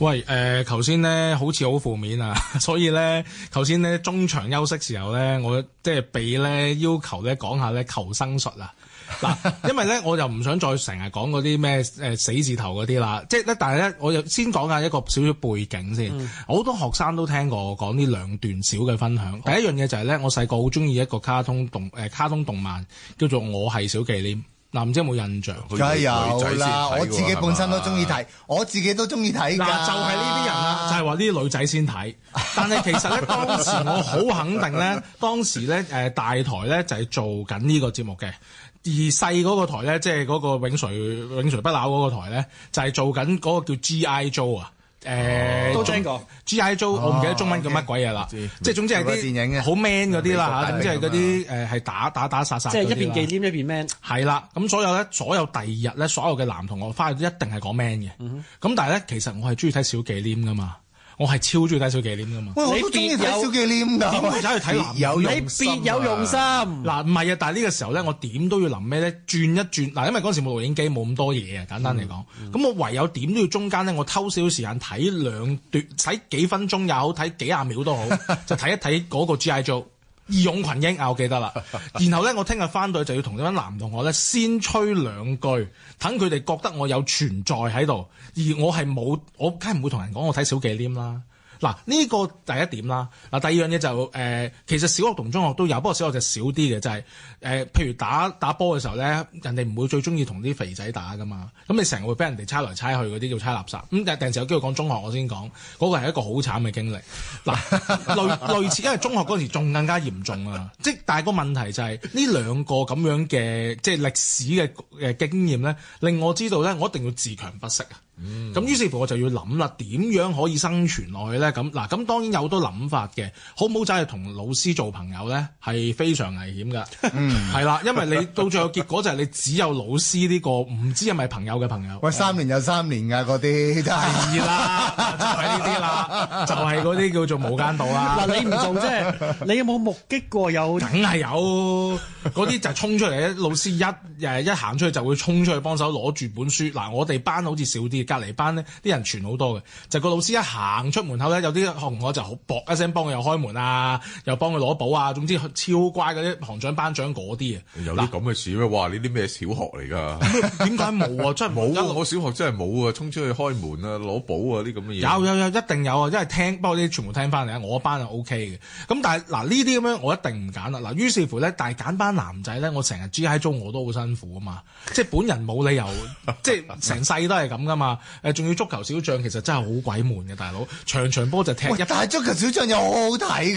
Speaker 4: 喂，誒、呃，頭先咧好似好負面啊，所以咧頭先咧中場休息時候咧，我即係畀咧要求咧講下咧求生術啊，嗱，因為咧 我又唔想再成日講嗰啲咩誒死字頭嗰啲啦，即係咧，但係咧我又先講一下一個少少背景先，好、嗯、多學生都聽過我講呢兩段小嘅分享，第一樣嘢就係咧我細個好中意一個卡通動誒、呃、卡通動漫叫做我係小忌廉。男即係冇印象，梗係有啦！女我自己本身都中意睇，
Speaker 1: 吧我自己都中意睇。嗱、啊，就係呢啲人啦，啊、
Speaker 4: 就係話呢啲女仔先睇。
Speaker 1: 但係其實咧，當時我好肯定咧，
Speaker 4: 當時咧，誒大台咧就係、是、做緊呢個節目嘅，而細嗰個台咧，即係嗰個永垂永垂不朽嗰個台咧，就係、是、做緊嗰個叫 G I Joe 啊。誒、欸、都聽過 G.I. Joe 我唔記得中文叫乜鬼嘢啦，哦、okay, 即係總之係啲電影嘅，好沒 man 嗰啲啦嚇，總之係嗰啲誒係打打打殺殺。即係一邊忌廉些一邊片 man。係啦，咁所有咧，所有第二日咧，所有嘅男同學翻去都一定係講 man 嘅。咁、嗯、哼但係咧，其實我係中意睇小忌廉噶嘛。我係超中意睇小忌廉噶嘛喂，我都中意睇，你點會走去睇？必有用心、啊、你別有用心。嗱，唔係啊，但係呢個時候咧，我點都要諗咩咧？轉一轉嗱，因為嗰陣時冇錄影機，冇咁多嘢啊。簡單嚟講，咁、嗯嗯、我唯有點都要中間咧，我偷少少時間睇兩段，睇幾分鐘又好，睇幾廿秒都好， 就睇一睇嗰個 G I Joe。義勇群英，啊，我記得啦。 然後咧，我聽日翻到去就要同呢班男同學咧先吹兩句，等佢哋覺得我有存在喺度，而我係冇，我梗係唔會同人講我睇小忌廉啦。嗱呢個第一點啦，嗱第二樣嘢就誒、是呃，其實小學同中學都有，不過小學就少啲嘅，就係、是、誒、呃，譬如打打波嘅時候咧，人哋唔會最中意同啲肥仔打噶嘛，咁你成日會俾人哋猜來猜去嗰啲叫猜垃圾，咁但係定時有機會講中學，我先講嗰個係一個好慘嘅經歷，嗱 類類似，因為中學嗰陣時仲更加嚴重啊，即係但係個問題就係、是呃、呢兩個咁樣嘅即係歷史嘅誒經驗咧，令我知道咧，我一定要自強不息啊！咁、嗯、於是乎我就要諗啦，點樣可以生存落去咧？咁嗱，咁當然有好多諗法嘅。好唔好？就係同老師做朋友咧，係非常危險㗎。係、 嗯、 啦，因為你到最後結果就係你只有老師呢個唔知係咪朋友嘅朋友。喂，哦、三年有三年㗎、啊，嗰啲真係 啦，就係呢啲啦， 就係嗰啲叫做無間道啦。嗱、 就是，你唔做即係你有冇目擊過有？梗係有嗰啲就係衝出嚟，一 老師一誒一行出去就會衝出去幫手攞住本書。嗱，我哋班好似少啲。隔離班咧，啲人傳好多嘅，就個老師一行出門口咧，有啲同學我就好搏一聲幫佢又開門啊，又幫佢攞簿啊，總之超乖嗰啲，行長、班長嗰啲啊。
Speaker 3: 有啲咁嘅事咩？哇！呢啲咩小學嚟㗎？點解冇啊？ 真係冇啊！ 我小學真係冇啊！衝出去開門啊，攞簿啊啲咁嘅嘢。
Speaker 4: 有有有，一定有啊！因為聽，不過啲全部聽翻嚟，我班係 OK 嘅。咁但係嗱呢啲咁樣，我一定唔揀啦。嗱，於是乎咧，但係揀班男仔咧，我成日黐喺租，我都好辛苦啊嘛，即係本人冇理由， 即係成世都係咁㗎嘛。 誒，仲要足球小將其實真係好鬼悶嘅，大佬場場波就踢入，但係足球小將又好好睇嘅，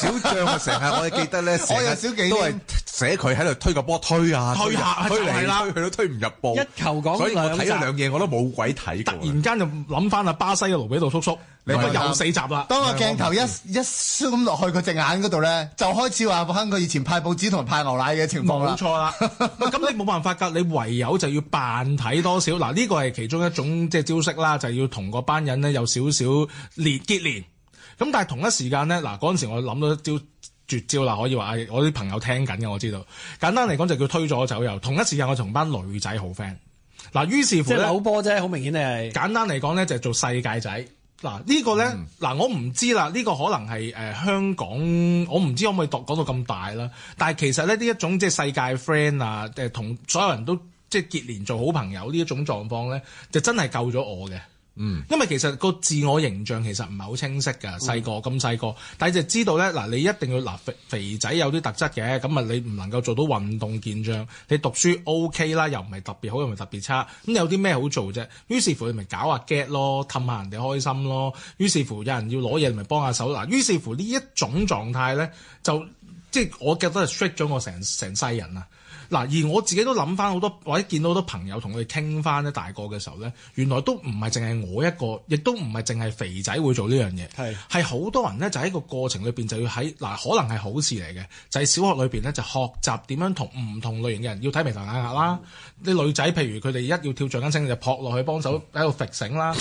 Speaker 4: 足球 小將啊，成日我哋記得咧，成日小幾都係
Speaker 3: 寫佢喺度推個波推啊，推下推嚟推去都推唔入波，一球講。所以睇兩夜、嗯、我都冇鬼睇。突
Speaker 4: 然間就諗翻啊，巴西嘅盧比度叔叔。你都有四集啦！當個鏡頭一、
Speaker 1: 嗯、一燒咁落去佢隻眼嗰度咧，就開始話返佢以前派報紙同派牛奶嘅情況。冇錯啦，咁 你冇辦法㗎，你
Speaker 4: 唯有就要扮睇多少嗱。呢個係其中一種即係、就是、招式啦，就係、是、要同嗰班人咧有少少連結連咁。但係同一時間咧嗱，嗰陣時我諗到招絕招啦，可以話啊，我啲朋友聽緊嘅，我知道。簡單嚟講就叫推左走右。同一時間我同班女仔好 friend 嗱，於是乎扭波啫，好明顯你係簡單嚟講咧就做世界仔。嗱呢個咧，嗱、嗯、我唔知啦，呢、這個可能係誒、呃、香港，我唔知可唔可以度講到咁大啦。但係其實咧，呢一種即係世界 friend 啊，誒、呃、同所有人都即係結連做好朋友呢一種狀況咧，就真係救咗我嘅。嗯，因為其實個自我形象其實唔係好清晰嘅，細個咁細個，但係就知道咧，嗱你一定要嗱、啊、肥肥仔有啲特質嘅，咁啊你唔能夠做到運動健將，你讀書 OK 啦，又唔係特別好，又唔係特別差，咁有啲咩好做啫？於是乎你咪搞下 get 咯，氹下人哋開心咯，於是乎有人要攞嘢，你咪幫下手嗱，於是乎呢一種狀態咧，就即係我覺得係 shrink 咗我成成世人啊。嗱，而我自己都諗翻好多，或者見到好多朋友同佢哋傾翻咧，大個嘅時候咧，原來都唔係淨係我一個，亦都唔係淨係肥仔會做呢樣嘢。係係好多人咧，就喺個過程裏邊就要喺嗱，可能係好事嚟嘅，就係、是、小學裏邊咧就學習點樣同唔同類型嘅人要睇眉頭眼額啦。啲、嗯、女仔譬如佢哋一要跳橡筋繩，就撲落去幫手喺度揈繩啦。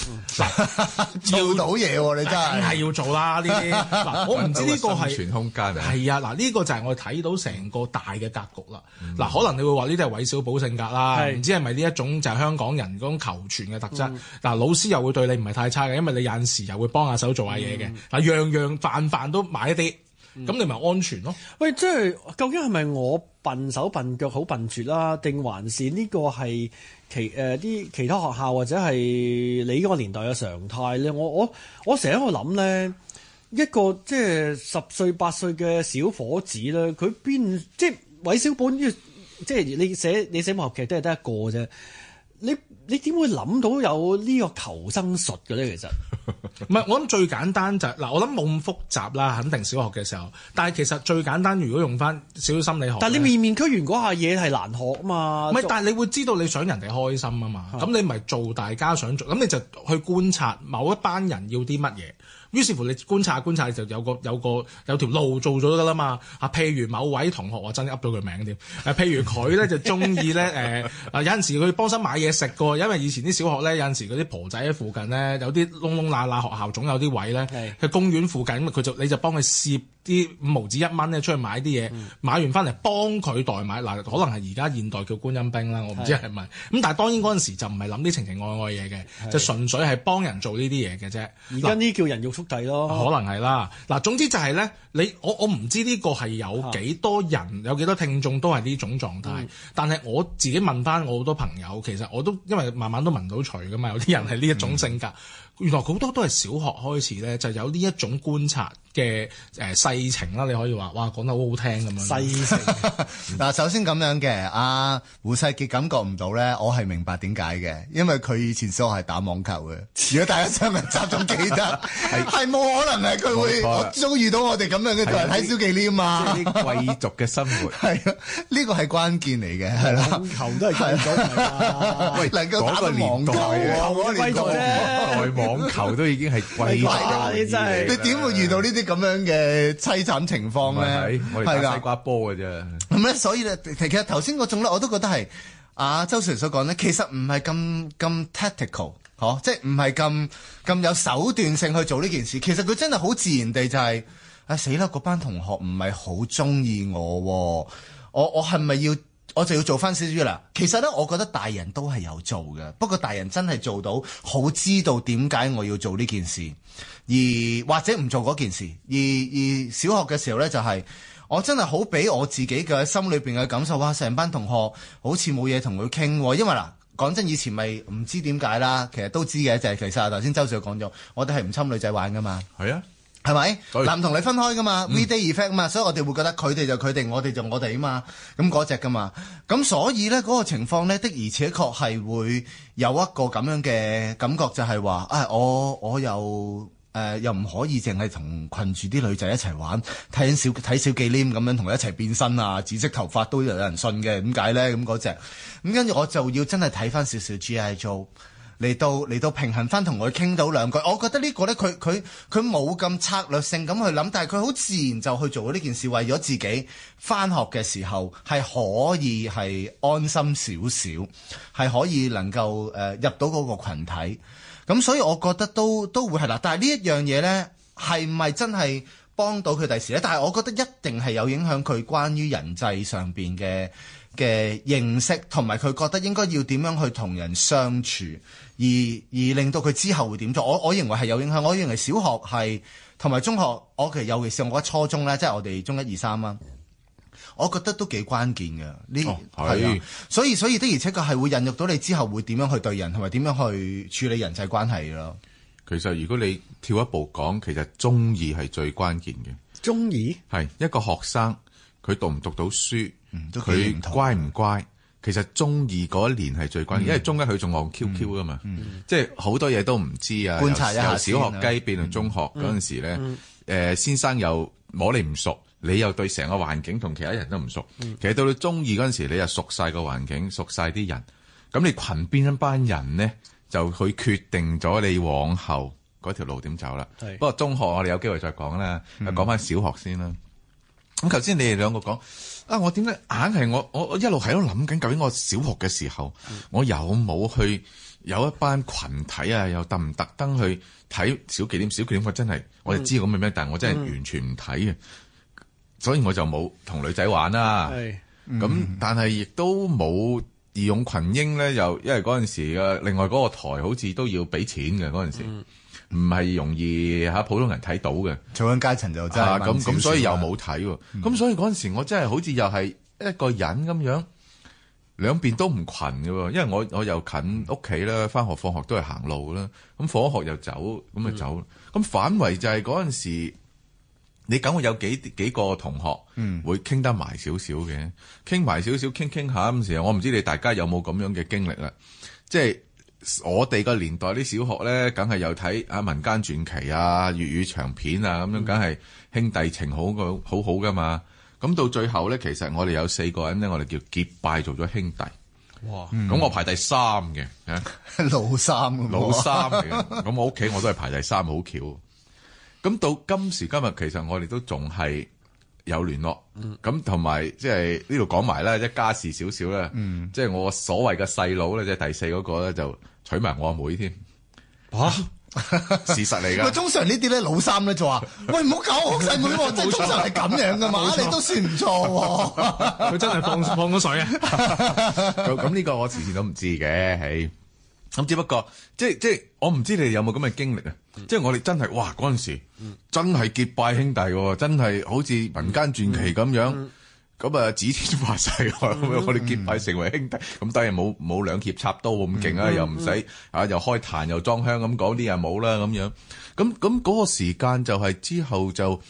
Speaker 1: 跳 要到嘢喎、啊，你真係係要
Speaker 4: 做啦呢啲。嗱，我唔知呢個係全
Speaker 1: 空間嚟嗎。
Speaker 4: 係啊，嗱呢個就係我哋睇到成個大嘅格局啦。嗱、嗯可能你會話呢啲係韋小寶性格啦，唔是知係咪呢一種就係香港人嗰種求全嘅特質。嗱，嗯，老師又會對你唔係太差嘅，因為你有陣時又會幫下手做下嘢嘅。嗱，嗯，樣樣飯飯都買一啲，咁、嗯、你咪安全咯。
Speaker 2: 喂，即係究竟係咪我笨手笨腳好笨拙啦，啊，定還是呢個係其誒啲、呃、其他學校或者係你嗰個年代嘅常態咧？我我我成日喺度諗咧，一個即係十歲八歲嘅小夥子咧，佢邊即係韋小寶呢？即係你寫你寫幕後劇都係得一個啫，你你點會諗到有呢個求生術嘅咧？其實
Speaker 4: 唔係，我諗最簡單就係、是、嗱，我諗冇咁複雜啦，肯定小學嘅時候。但係其實最簡單，如果用翻小心理學，但係你面面俱圓嗰下嘢係難學
Speaker 2: 啊嘛。唔係不，做但係你會知
Speaker 4: 道你想人哋開心啊嘛，咁 你咪做大家想做，咁你就去觀察某一班人要啲乜嘢。於是乎你觀察觀察就有個有個有條路做咗㗎喇嘛，啊譬如某位同學我真係噏咗佢名添，誒譬如佢咧就中意咧誒，啊、 呃、有陣時佢幫心買嘢食過，因為以前啲小學咧有陣時嗰啲婆仔喺附近咧有啲窿窿罅罅，學校總有啲位咧，喺的公園附近，佢就你就幫佢攝。啲五毫子一蚊咧，出去買啲嘢，嗯、買完翻嚟幫佢代買。嗱，可能係而家現代叫觀音兵啦，我唔知係咪。咁是但係當然嗰陣時就唔係諗啲情情愛愛嘢嘅，是就純粹係幫人做呢啲嘢嘅啫。而家呢叫人肉速遞咯、啊，可能係啦。嗱，總之就係、是、咧，你我我唔知呢個係有幾多人、啊、有幾多聽眾都係呢種狀態，嗯、但係我自己問翻我好多朋友，其實我都因為慢慢都聞到除㗎嘛，有啲人係呢一種性格，嗯嗯、原來好多都係小學開始咧就有呢一種觀察。嘅誒，世情啦，你可以話哇講得
Speaker 1: 好好聽咁樣。世情嗱，首先咁樣嘅阿胡世傑感覺唔到咧，我係明白點解嘅，因為佢以前小學係打網球嘅。如果大家上日集中記得，係冇可能嘅，佢會我遭遇到我哋咁樣嘅就睇小忌廉啊嘛。啲貴族嘅生活係啊，呢個係關鍵嚟嘅，係啦。球都係變咗，能夠打個網球，貴族啫。在網球都已經
Speaker 3: 係貴你真係你點會
Speaker 1: 遇到呢啲？咁樣嘅凄慘情況咧，係啦，西瓜波嘅啫。咁咧，所以咧，其實頭先嗰種咧，我都覺得係啊，周 Sir 所講咧，其實唔係咁咁 tactical，嗬、啊，即係唔係咁咁有手段性去做呢件事。其實佢真係好自然地就係、是、 啊，死啦！嗰班同學唔係好中意我，我我係咪要？我就要做翻少少啦。其實呢，我覺得大人都係有做嘅，不過大人真係做到好，知道點解我要做呢件事，而或者唔做嗰件事。而而小學嘅時候呢，就係、是、我真係好俾我自己嘅心裏邊嘅感受哇！成班同學好似冇嘢同佢傾，因為嗱講真，以前咪唔知點解啦。其實都知嘅就係、是、其實頭先周 Sir 講咗，我哋係唔侵女仔玩噶嘛。係啊。係咪對男同你分開㗎嘛？We day effect 嘛，嗯、所以我哋會覺得佢哋就佢哋，我哋就我哋啊嘛，咁嗰隻㗎嘛。咁所以咧嗰、那個情況咧的，而且確係會有一個咁樣嘅感覺就，就係話啊，我我又誒、呃、又唔可以淨係同羣住啲女仔一齊玩，睇小睇小忌廉咁樣同佢一齊變身啊，紫色頭髮都有人信嘅，點解咧？咁嗰隻咁跟住我就真要真係睇翻少少 G I 做。嚟到嚟到平衡返同佢傾到兩句，我覺得呢個呢，佢佢佢冇咁策略性咁去諗，但係佢好自然就去做呢件事，為咗自己返學嘅時候係可以係安心少少，係可以能夠誒、呃、入到嗰個羣體。咁所以我覺得都都會係啦，但係呢一樣嘢呢，係唔係真係幫到佢第時咧？但係我覺得一定係有影響佢關於人際上邊嘅。嘅認識同埋佢覺得應該要點樣去同人相處，而而令到佢之後會點做？我我認為係有影響。我認為小學係同埋中學，我其實尤其是我覺得初中咧，即係我哋中一二三啦，我覺得都幾關鍵嘅呢啲係啊。所以所以的而且確係會引入到你之後會點樣去對人同埋點樣去處理人際關係咯。其實如果你
Speaker 3: 跳一步講，其實中二係最關鍵嘅。中二係一個學生，佢讀唔讀到書？佢、嗯、乖唔乖？其實中二嗰一年係最關鍵，嗯、因為中一佢仲按 Q Q 噶嘛，嗯嗯、即係好多嘢都唔知啊。觀察一下，由小學雞變到中學嗰陣時咧，誒、嗯嗯嗯呃，先生又摸你唔熟，嗯、你又對成個環境同其他人都唔熟。嗯、其實到到中二嗰陣時，你又熟晒個環境，熟晒啲人。咁你群邊一班人咧，就去決定咗你往後嗰條路點走啦。的的不過中學我哋有機會再講啦，講翻小學先啦。咁頭先你哋兩個講。啊！我點解硬係我我我一路喺度諗緊，究竟我小學嘅時候我有冇去有一班群體啊？又特唔特登去睇小劇點？小劇點？我真係我就知咁嘅咩，嗯、但係我真係完全唔睇嘅，所以我就冇同女仔玩啦。
Speaker 2: 咁、嗯、
Speaker 3: 但係亦都冇義勇群英咧。又因為嗰陣時嘅另外嗰個台好似都要俾錢嘅嗰陣時。嗯唔係容易嚇，普通人睇到嘅，
Speaker 1: 重緊階層就真係咁咁，所以又冇睇喎。咁、嗯、所
Speaker 3: 以嗰陣時，我真係好似又係一個人咁樣，兩邊都唔群嘅喎。因為我我又近屋企啦，翻學放學都係行路啦。咁放學又走，咁咪走。咁、嗯、反為就係嗰陣時，你梗會有幾幾個同學會傾得埋少少嘅，傾埋少少，傾傾下咁。時候我唔知你大家有冇咁樣嘅經歷啦，即係。我哋個年代啲小學咧，梗係有睇啊民間傳奇啊粵語長片啊，咁樣梗係兄弟情好好好噶嘛。咁到最後咧，其實我哋有四個人咧，我哋叫結拜做咗兄弟。
Speaker 1: 哇！咁、嗯、我
Speaker 3: 排第三嘅，
Speaker 1: 老三、啊、老三嚟嘅。
Speaker 3: 咁 我屋企我都係排第三，好巧。咁到今時今日，其實我哋都仲係有聯絡，咁同埋即係呢度講埋咧一家事少少咧，嗯、即係我所謂嘅細佬咧，即係第四嗰、嗰個咧就娶埋我阿妹添嚇，啊、事實嚟噶。佢通常呢
Speaker 1: 啲咧老三咧就話，喂，唔好搞好細妹喎， 即係通常係咁樣噶嘛，錯你都算唔錯喎。佢 真係放放咗水
Speaker 3: 啊！咁 呢 個我遲遲都唔知嘅，嘿。咁只不過，即係即係，我唔知你哋有冇咁嘅經歷啊！嗯、即係我哋真係，哇！嗰陣時真係結拜兄弟，真係好似民間傳奇咁樣。咁啊、嗯，指天發誓，嗯、我哋結拜成為兄弟。咁、嗯、當然冇冇兩肋插刀咁勁啊！嗯嗯、又唔使啊，又開壇又裝香咁講啲人冇啦咁樣。咁咁嗰個時間就係、是、之後就，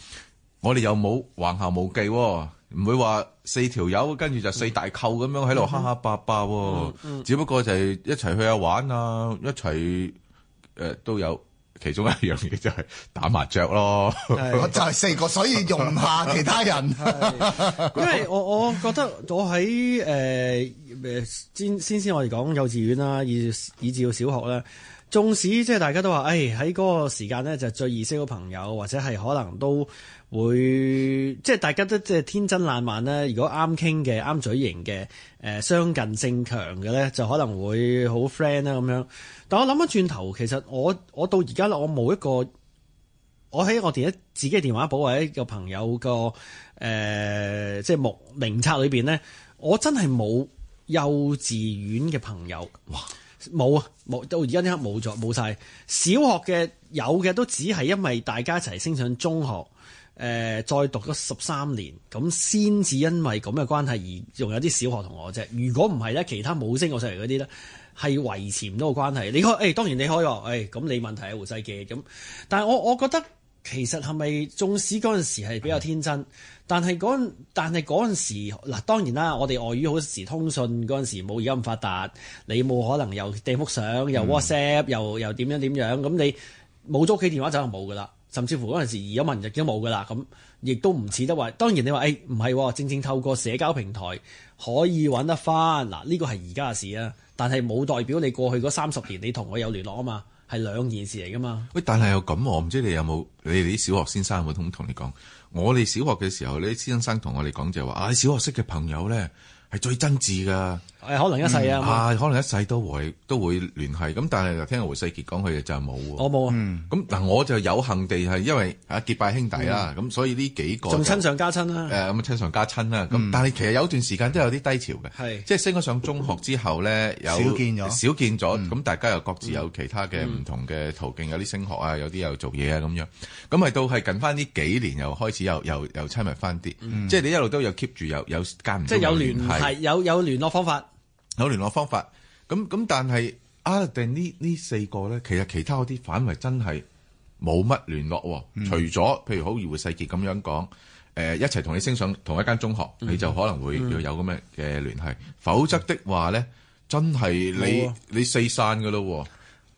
Speaker 3: 我哋又冇橫行冇忌、哦。唔會話四條友跟住就四大扣咁樣喺度蝦蝦霸霸喎，只不過就係一齊去下玩啊，嗯、一齊誒、呃、都有其中一樣嘢就係打麻雀咯，就係、是、是 四個，所以容下其他人。
Speaker 2: 因為我我覺得我喺誒誒先先先我哋講幼稚園啦，以以至到小學咧，縱使即係大家都話，誒喺嗰個時間咧就是、最認識嘅朋友，或者係可能都。會即係大家都即係天真爛漫啦。如果啱傾嘅、啱嘴型嘅、誒、呃、相近性強嘅咧，就可能會好 friend 啦咁樣。但我諗一轉頭，其實我我到而家咧，我冇一個我喺我哋己自己嘅電話簿或者個朋友個誒、呃、即係目名冊裏邊咧，我真係冇幼稚園嘅朋友。哇！冇啊，冇到而家呢刻冇咗冇晒。小學嘅有嘅都只係因為大家一齊升上中學。誒、呃，再讀咗十三年，咁先至因為咁嘅關係而仲有啲小學同學啫。如果唔係咧，其他冇升過上嚟嗰啲咧，係維持唔到個關係。你開，誒、欸、當然你可以話、啊，誒、欸、咁你問題係胡世記咁。但係我我覺得其實係咪縱使嗰陣時係比較天真？的但係嗰但係嗰陣時嗱，當然啦，我哋外語好時通訊嗰陣時冇而家咁發達，你冇可能又掟幅相，又 WhatsApp，、嗯、又又點樣點樣咁，你冇咗屋企電話就冇噶啦。甚至乎嗰陣時耳音文日都冇㗎啦，咁亦都唔似得話。當然你話誒唔係喎，正正透過社交平台可以揾得翻嗱，呢個係而家嘅事啊。但係冇代表你過去嗰三十年你同我有聯絡啊嘛，係兩件事嚟㗎嘛。
Speaker 3: 喂，但係又咁喎，我唔知你有冇你哋啲小學先生會唔會咁同你講？我哋小學嘅時候呢咧，先生同我哋講就係、是、話：啊小學識嘅朋友咧係最真摯㗎。誒，可能一世啊，可能一世都會都會聯繫，咁但係聽胡世杰講佢嘢就冇，我冇，啊。咁嗱我就有幸地係因為誒結拜兄弟啦，咁所以呢幾個仲親上加親啦，誒咁親上加親啦，咁但係其實有段時間都有啲低潮嘅，即係升咗上中學之後咧，少見咗少見咗，咁大家又各自有其他嘅唔同嘅途徑，有啲升學啊，有啲又做嘢啊咁樣，咁咪到係近翻呢幾年又開始又又又親密翻啲，即係你一路都有 keep 住有有間唔即係有聯繫，有有聯絡方法。有聯絡方法，咁咁，但係阿定呢呢四個咧，其實其他嗰啲反為真係冇乜聯絡、哦，嗯、除咗譬如好似胡世杰咁樣講，誒、呃，一齊同你升上同一間中學，嗯、你就可能會要有咁嘅嘅聯繫，嗯、否則的話咧，真係
Speaker 1: 你、嗯、你，你四散噶咯、哦。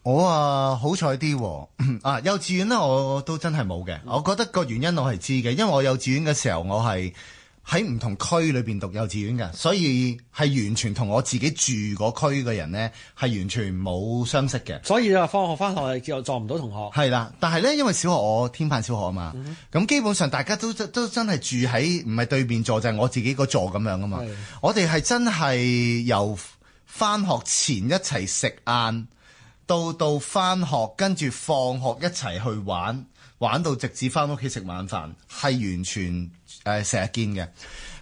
Speaker 1: 我、呃哦、 啊好彩啲，啊幼稚園咧，我都真係冇嘅。我覺得個原因我係知嘅，因為我幼稚園嘅時候我係。喺唔同區裏邊讀幼稚園㗎，所以係完全同我自己住嗰區嘅人呢係完全冇相識嘅。所以你、啊、話放學返學又撞唔到同學。係啦，但係呢，因為小學我天範小學啊嘛，咁、嗯、哼基本上大家都都真係住喺唔係對面座，就係、是、我自己個座咁樣啊嘛。的我哋係真係由返學前一齊食晏，到到返學跟住放學一齊去玩，玩到直至返屋企食晚飯，係完全。誒成日見嘅，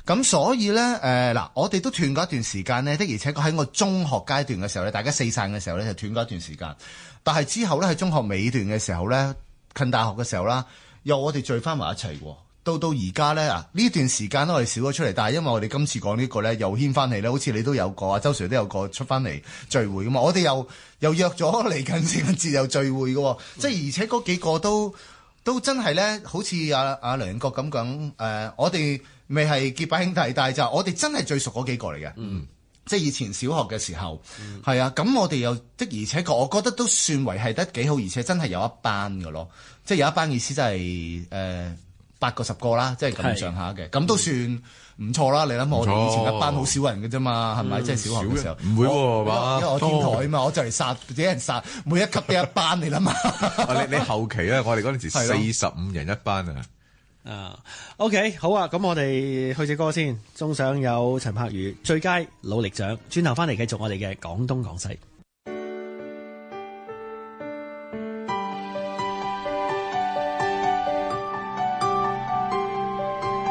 Speaker 1: 咁所以咧誒嗱，我哋都斷過一段時間咧，的而且確喺我中學階段嘅時候咧，大家四散嘅時候咧就斷過一段時間，但係之後咧喺中學尾段嘅時候咧，近大學嘅時候啦，又我哋聚翻埋一齊喎、哦。到到而家咧啊，呢段時間我哋少咗出嚟，但係因為我哋今次講呢個咧，又牽翻嚟咧，好似你都有個啊周 Sir 都有個出翻嚟聚會㗎嘛，我哋又又約咗嚟近聖誕節又聚會嘅喎，即係、嗯、而且嗰幾個都。都真係咧，好似阿阿梁國咁講，誒、呃，我哋未係結拜兄弟大大，但係就我哋真係最熟嗰幾個嚟嘅，嗯，即係以前小學嘅時候，係、嗯、啊，咁我哋又的而且確，我覺得都算維係得幾好，而且真係有一班嘅咯，即係有一班意思、就係，就係誒。八個十個啦，即係咁上下嘅，咁都算唔錯啦。你諗我哋以前一班好少人嘅啫嘛，係咪？即係、嗯、小學嘅時候，唔會喎，哦、因為我天台啊嘛，哦、我就嚟殺自己人，殺每一級都一班你諗嘛。
Speaker 3: 你你後期咧、啊，我哋嗰陣時四十五人一班啊。啊
Speaker 1: ，OK，好啊，咁我哋
Speaker 2: 去隻歌先，送上有陳柏宇最佳努力獎，轉頭翻嚟繼續我哋嘅講東講西。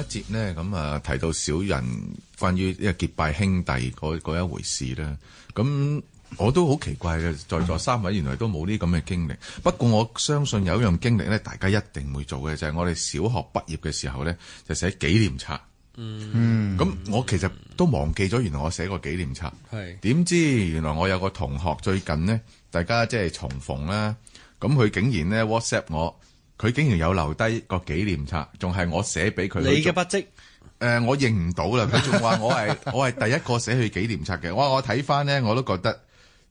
Speaker 3: 一節咧咁啊，提到小人關於一個結拜兄弟嗰一回事啦。咁我都好奇怪嘅，在座三位原來都冇呢咁嘅經歷。不過我相信有一樣經歷咧，大家一定會做嘅，就係我哋小學畢業嘅時候咧，就寫紀念冊。嗯，咁我其實都忘記咗，原來我寫過紀念冊。係，點知原來我有個同學最近呢，大家即係重逢啦，咁佢竟然咧 WhatsApp 我。佢竟然有留低個紀念冊，仲係我寫俾佢。你嘅筆跡？誒、呃，我認唔到啦。佢仲話我係 我係第一個寫去紀念冊嘅。我我睇翻咧，我都覺得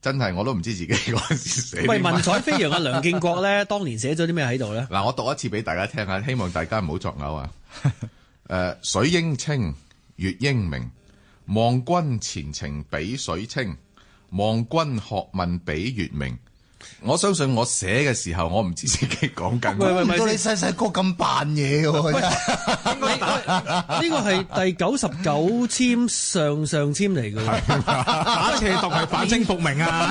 Speaker 3: 真係，我都唔知自己嗰陣時寫。喂，文采飛揚啊， 梁敬國咧，當年寫咗啲咩喺度咧？嗱，我讀一次俾大家聽下，希望大家唔好作嘔啊。誒、 呃，水英清，月英明，望君前程比水清，望君學問比月明。我相信我寫嘅時候，我唔知自己講緊乜嘢。唔到你
Speaker 1: 細細個咁扮嘢嘅，
Speaker 2: 呢個係第九十九簽上上簽嚟嘅，
Speaker 4: 打斜讀係反
Speaker 2: 清復明啊！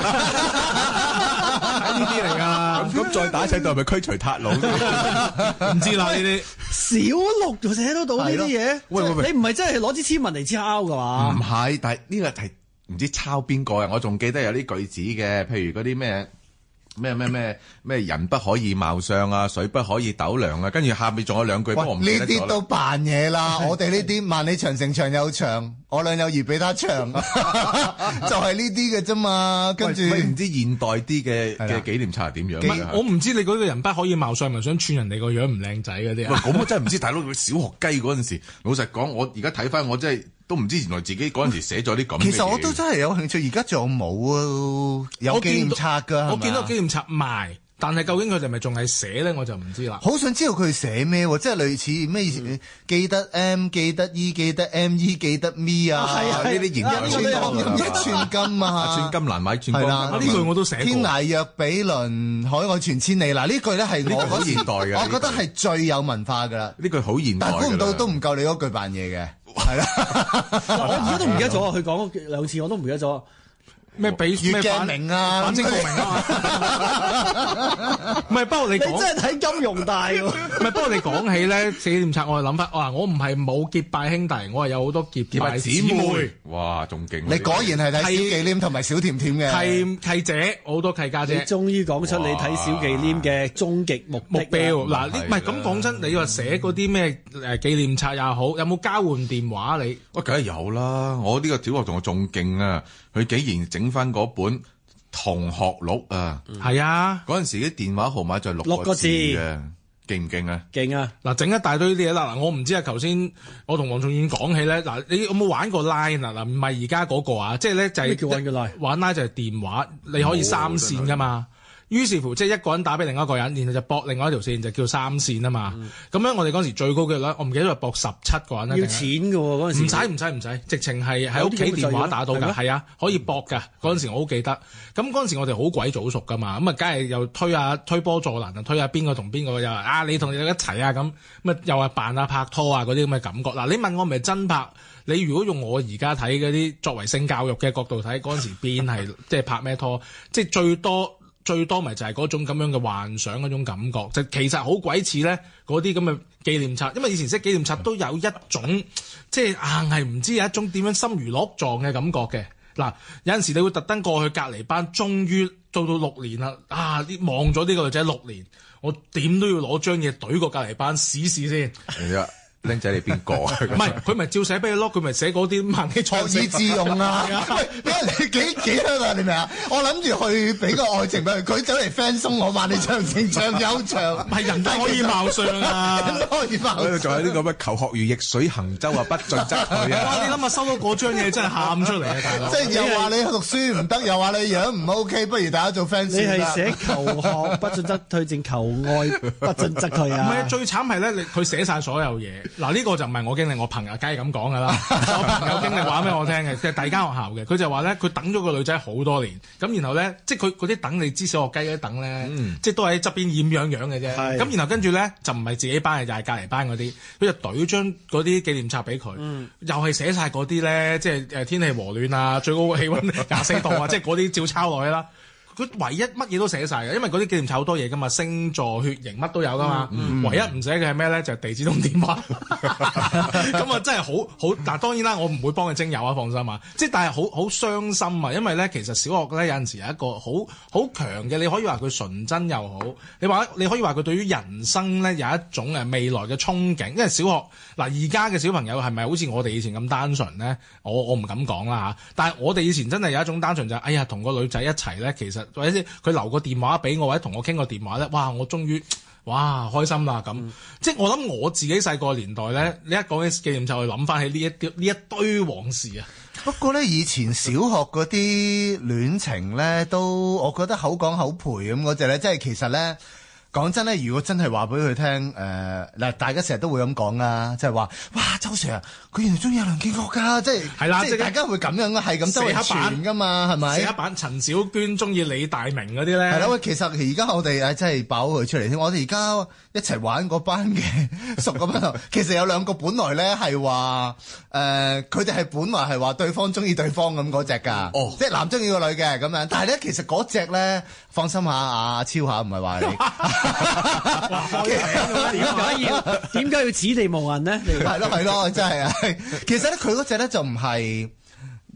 Speaker 3: 呢啲嚟噶，咁再打斜讀係咪驅除韃虜？唔知啦呢啲。小六就寫得到呢啲嘢。喂喂喂，你唔係真係攞支簽文嚟抄嘅嘛？唔係，但係呢個係唔知抄邊個啊？我仲記得有啲句子嘅，譬如嗰啲咩。咩咩咩咩，什麼什麼什麼人不可以貌相啊，水不可以斗量啊，跟住下面仲有兩句，呢啲都
Speaker 1: 扮嘢啦。 我哋呢啲萬里長城長又長，我兩友誼比佢長， 就係呢啲嘅啫嘛。跟住唔
Speaker 3: 知現代啲嘅嘅紀念冊點樣咧、啊麼？
Speaker 1: 我唔知你嗰
Speaker 3: 個人不可以貌相，咪想串人哋個樣唔靚仔嗰啲啊？咁我真係唔知，大佬小學雞嗰陣時，老實講，我而家睇翻我真係。都唔知原來自己嗰陣時寫咗啲咁嘅嘢。其實我都
Speaker 1: 真係有興趣，而家仲有冇啊？有紀念冊㗎，我見到紀
Speaker 3: 念冊賣。吧但係究竟佢哋
Speaker 4: 咪仲係寫咧，我就唔知啦。
Speaker 1: 好想知道佢寫咩，即係類似咩意思？記得 M，記得 E，記得 M，E，記得 Me 啊！係啊，呢啲原因。千金一寸金啊！寸
Speaker 3: 金難買寸。係啦，呢句我
Speaker 1: 都寫過。天涯若比鄰，海外傳千里。嗱，呢句咧係我嗰年代嘅。我覺得係最有文化㗎啦。呢句好現代。但係估唔到都唔夠你嗰句扮嘢嘅。係
Speaker 2: 啦，我而家都唔記得咗。佢講兩次我都唔記得咗。咩比？
Speaker 1: 咩反明啊？反清復明啊！唔係，
Speaker 4: 不過你真係睇金融大喎。唔係，不過你講起咧，紀念冊我係諗翻啊！我唔係冇結拜兄弟，我係有好多結拜姊妹。
Speaker 3: 哇，仲勁！你果
Speaker 4: 然係睇小忌廉
Speaker 2: 同埋小甜甜嘅契契姐，我好多契家姐。你終於講出你睇小忌廉嘅終極目目標
Speaker 4: 嗱？唔係，咁講真，你話寫嗰啲咩誒紀念冊又好，有冇交換電話你？
Speaker 3: 喂，梗係有啦！我呢個小學同學仲勁啊，佢竟然整。翻嗰本同學錄啊，係啊，嗰陣時啲電話號碼就六個字嘅，勁唔勁啊？勁啊！嗱，整一大堆啲嘢啦，嗱，我唔知啊。頭先
Speaker 4: 我同黃仲遠講起咧，嗱，你有冇玩過 Line 啊？嗱，唔係而家嗰個啊，即係咧就係咩叫玩嘅 Line？玩 Line 就係電話，你可以三線㗎嘛。於是乎，即係一個人打俾另外一個人，然後就博另外一條線，就叫三線啊嘛。咁、嗯、樣我哋嗰時最高嘅率，我唔記得係博十七個人啦、啊。要錢嘅喎嗰時，唔使唔使唔使，直情係喺屋企電話打到㗎，係嗎啊，可以博㗎。嗰陣、嗯、時我好記得。咁嗰陣時我哋好鬼早熟㗎嘛，咁啊，梗係又推下推波助瀾啊，推下邊個同邊個又啊，你同你哋一齊啊咁，咁啊又係扮啊拍拖啊嗰啲咁嘅感覺。嗱，你問我唔係真拍？你如果用我而家睇嗰啲作為性教育嘅角度睇，嗰陣時邊係 即係拍咩拖？即係最多。最多咪就係嗰種咁樣嘅幻想嗰種感覺，就其實好鬼似咧嗰啲咁嘅紀念冊，因為以前寫紀念冊都有一種、嗯、即係硬係唔知有一種點樣心如鹿撞嘅感覺嘅。嗱，有陣時你會特登過去隔離班，終於做到六年啦，啊！望咗呢個女仔六年，我點都要攞張嘢懟過隔離班試試先。
Speaker 3: 嗯嗯靚仔 你邊個
Speaker 1: 啊？唔係佢，咪照寫俾你
Speaker 4: 咯。佢咪寫嗰啲萬祈坐以致用啊！因
Speaker 1: 為 你幾幾香啊？你明唔明啊？我諗住去俾個愛情俾佢，佢走嚟 fans 我，話你唱成唱悠長，係 人都可以貌相啊！ 人可以貌相、啊。仲
Speaker 3: 有呢、這個咩？求學如逆水行舟啊，不進則退啊！ 哇
Speaker 4: 你諗下收到嗰張嘢，真係喊出嚟啊！大佬， 即係是又話你
Speaker 1: 讀書唔得，又話你樣唔 OK，不如大家做 fans 啦。你係寫求學不進則退，定
Speaker 4: 求
Speaker 2: 愛不進則退啊？唔
Speaker 1: 係
Speaker 4: 最慘係咧，你佢寫晒所有嘢。嗱，呢個就唔係我經歷，我朋友梗係咁講㗎喇， 我朋友經歷話俾我聽嘅，即係 第二間學校嘅，佢就話咧，佢等咗個女仔好多年，咁然後咧，即係佢嗰啲等你知小學雞嗰啲等咧，即係、嗯、都喺側邊掩樣樣嘅啫，咁是然後跟住咧就唔係自己班嘅，班就係隔離班嗰啲，佢就懟張嗰啲紀念冊俾佢，又係寫晒嗰啲咧，即係誒天氣和暖啊，最高氣温廿四度啊， 即係嗰啲照抄落去啦。佢唯一乜嘢都寫晒嘅，因為嗰啲紀念冊好多嘢噶嘛，星座、血型乜都有噶嘛。嗯、唯一唔寫嘅係咩咧？就係、係、地址同電話。咁啊， 真係好好。但當然啦，我唔會幫佢徵友啊，放心啊。即係但係好好傷心啊，因為咧其實小學咧有陣時有一個好好強嘅，你可以話佢純真又好，你話你可以話佢對於人生咧有一種誒未來嘅憧憬，因為小學。嗱，而家嘅小朋友係咪好似我哋以前咁單純咧？我我唔敢講啦吓。但係我哋以前真係有一種單純就係、是，哎呀，同個女仔一齊咧，其實或者佢留個電話俾我，或者同我傾個電話咧，哇，我終於哇開心啦咁。嗯、即係我諗我自己細個年代咧，嗯、你一講起紀
Speaker 1: 念冊就我諗翻起呢一呢一堆往事啊。不過咧，以前小學嗰啲戀情咧，都我覺得口講口賠咁嗰隻咧，即係其實咧。講真咧，如果真係話俾佢聽，誒、呃、嗱，大家成日都會咁講啊，即係話，哇，周 Sir 佢原來中意阿梁敬國噶，即係，係啦、啊，即係大家會咁樣咯，係咁周黑板噶嘛，係咪？周黑
Speaker 4: 板陳小娟中意李大明嗰啲咧？係啦，喂，其實
Speaker 1: 而家我哋誒真係爆佢出嚟，添，我哋而家一齊玩嗰班嘅，熟個班頭，其實，的的 其實有兩個本來咧係話，誒、呃，佢哋係本來係話對方中意對方咁嗰隻噶，哦噢，即係男中意個女嘅咁樣，但係咧其實嗰隻咧，放心下啊，超下唔係話你。啊啊啊啊 哇！點解實 要此地無銀呢？係咯，係咯，真係啊！其實咧，佢嗰隻咧就唔係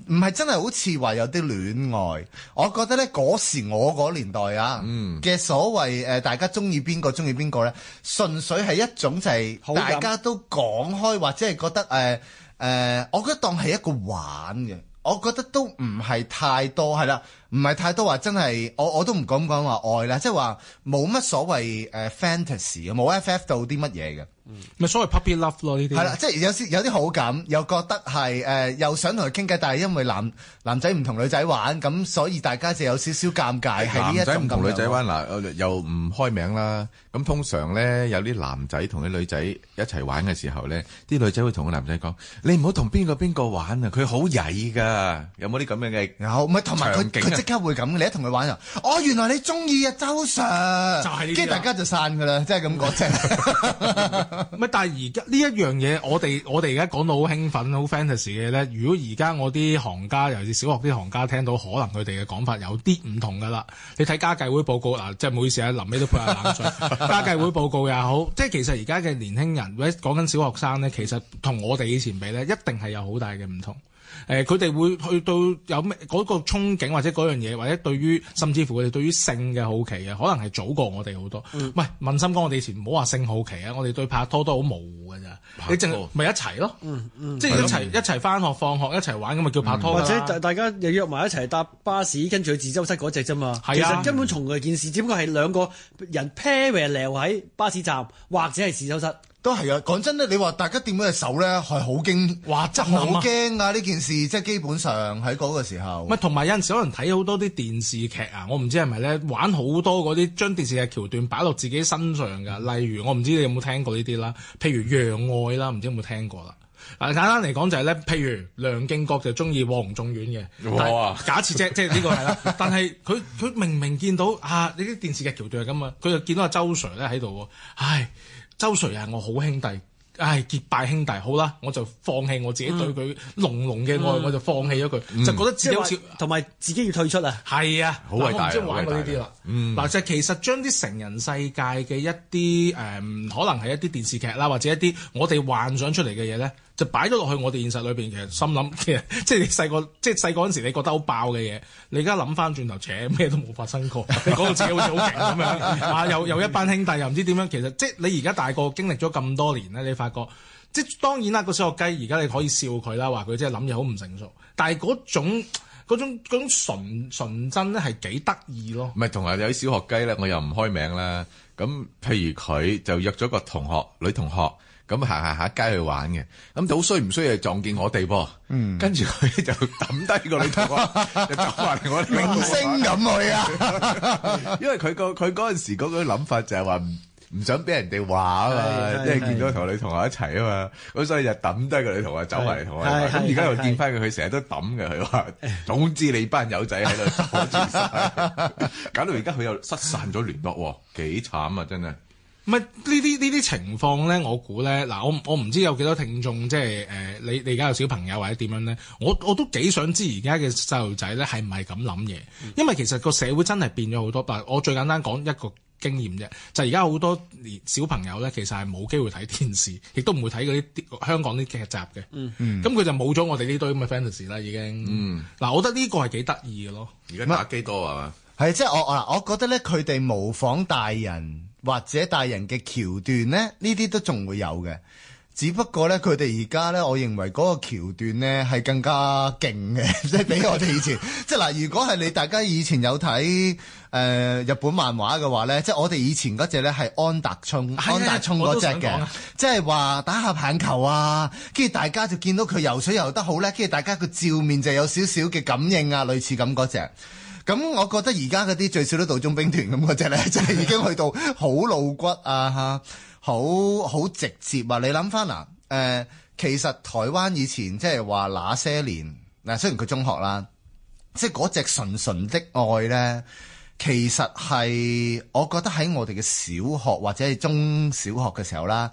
Speaker 1: 唔係真係好似話有啲戀愛。我覺得咧嗰時我嗰年代啊，嘅所謂誒大家中意邊個中意邊個咧，純粹係一種就係大家都講開，或者係覺得誒誒、呃呃，我覺得當係一個玩嘅，我覺得都唔係太多，係啦。唔係太多話，真係我我都唔敢講話愛啦，即係話冇乜所謂誒、uh, fantasy 嘅，冇 ff 到啲乜嘢嘅。咪、嗯、所謂 puppy love 咯呢啲。係啦，即係有少有啲好感，又覺得係誒，uh, 又想同佢傾偈，但係因為男男仔唔同女仔玩，咁所以大家就有少少尷尬係呢一種咁樣。男仔唔同
Speaker 3: 女仔玩嗱，的又唔開名啦。咁通常咧，有啲男仔同啲女仔一齊玩嘅時候咧，啲女仔會同個男仔講：你唔好同邊個邊個玩啊，佢好曳㗎。有冇啲咁樣嘅有？咪同埋佢。即刻會咁你一同佢玩又，
Speaker 1: 哦，原來你中意啊，周 sir，跟住大家就散噶啦，即係咁講啫。
Speaker 4: 唔係，但係而家呢一樣嘢，我哋我哋而家講到好興奮、好 fantasy 嘅咧。如果而家我啲行家，尤其小學啲行家，聽到可能佢哋嘅講法有啲唔同噶啦。你睇家計會報告嗱， 即係唔好意思啊，臨尾都潑下冷水。 家計會報告又好，即係其實而家嘅年輕人或者講緊小學生咧，其實同我哋以前比咧，一定係有好大嘅唔同。誒佢哋會去到有咩嗰、嗰個憧憬，或者嗰樣嘢，或者對於甚至乎佢哋對於性嘅好奇啊，可能係早過我哋好多。喂、嗯、問心講，我哋以前唔好話性好奇啊，我哋對拍拖都好模糊㗎咋。拖你淨係咪一齊咯？嗯
Speaker 2: 嗯、即係一齊
Speaker 4: 一齊翻學放學一齊玩咁咪叫拍拖、嗯？或者
Speaker 2: 大家又約埋一齊搭巴士，跟住去自修室嗰隻啫嘛。係啊，其實根本從來件事，只不過係兩個人 pair
Speaker 1: 嚟喺巴士站或者係自修室。都係嘩啊！講真咧，你話大家掂到隻手咧係好驚，哇！真係好驚啊！呢件事即係基本上喺嗰個時候。唔係，同埋有陣時可
Speaker 4: 能睇好多啲電視劇啊！我唔知係咪咧，玩好多嗰啲將電視劇橋段擺落自己身上嘅。例如，我唔知你有冇聽過呢啲啦，譬如《讓愛》啦，唔知有冇聽過啦？嗱，簡單嚟講就係咧，譬如梁敬國就中意黃仲遠嘅、啊。假設即即係呢個係啦， 但係佢佢明明見到啊，呢啲電視劇橋段係咁啊，佢就見到阿周 Sir 咧喺度喎，唉～唉唉周 Sir 啊，我好兄弟，唉，結拜兄弟，好啦，我就放棄我自己對佢濃濃嘅愛，嗯、我就放棄咗佢，嗯、就覺得自己好似同埋自己要退出啊，係啊，好偉大啊，你都玩過呢啲啦，好偉大啊，嗱、嗯、就係其實將啲成人世界嘅一啲誒，可能係一啲電視劇啦，或者一啲我哋幻想出嚟嘅嘢咧。就擺咗落去我哋現實裏邊，嘅心諗，其實即係細個，即係細個嗰陣時，你覺得好爆嘅嘢，你而家諗翻轉頭，扯咩都冇發生過。你講到自己好似好勁咁樣，啊，又又一班兄弟，又唔知點樣。其實即係你而家大個經歷咗咁多年咧，你發覺即係當然啦，個小學雞而家你可以笑佢啦，話佢即係諗嘢好唔成熟，但係嗰種嗰種嗰種純，
Speaker 3: 純真咧係幾得意咯。唔係，同埋有啲小學雞咧，我又唔開名啦。咁譬如佢就約咗個同學，女同學。咁行行下街去玩嘅，咁都需唔需要撞見我哋噃？嗯，跟住佢就抌低個女同學， 就走埋嚟我哋。明星咁
Speaker 1: 去啊！
Speaker 3: 因為佢個佢嗰陣時嗰個諗法就係話唔唔想俾人哋話啊嘛，即係見到同女同學一齊啊嘛，咁所以就抌低個女同學是走埋同我。咁而家又見翻佢，佢成日都抌嘅，佢話是 總之你班友仔喺度。 搞到而家佢又失散咗聯絡，幾慘啊！真係。
Speaker 4: 唔係呢啲呢啲情況咧，我估咧嗱，我我唔知有幾多聽眾即係誒、呃，你你而家有小朋友或者點樣咧？我我都幾想知而家嘅細路仔咧係唔係咁諗嘢？因為其實個社會真係變咗好多。但我最簡單講一個經驗啫，就係而家好多年小朋友咧，其實係冇機會睇電視，亦都唔會睇嗰啲香港啲劇集嘅。嗯，咁佢就冇咗我哋呢堆咁嘅 fantasy 啦，已經。嗱、嗯，我覺得呢個係幾得意嘅咯。
Speaker 1: 而家打機多啊嘛，係即係我我嗱，我覺得咧佢哋模仿大人。或者大人嘅橋段呢，呢啲都仲會有嘅。只不過呢，佢哋而家呢，我認為嗰個橋段呢係更加勁嘅， 即係比我哋以前。 即係嗱，如果係你大家以前有睇誒、呃、日本漫畫嘅話呢，即係我哋以前嗰隻呢係安達充、的安達充嗰隻嘅，即係話打下棒球啊，跟住大家就見到佢游水游得好叻，跟住大家個照面就有少少嘅感應啊，類似咁嗰隻。咁、嗯、我覺得而家嗰啲最少都到中兵團咁嗰隻嗰隻咧，就係 已經去到好露骨啊！嚇，好好直接啊！你諗翻嗱，誒、呃，其實台灣以前即係話那些年嗱，雖然佢中學啦，即係嗰隻純純的愛咧，其實係我覺得喺我哋嘅小學或者係中小學嘅時候啦，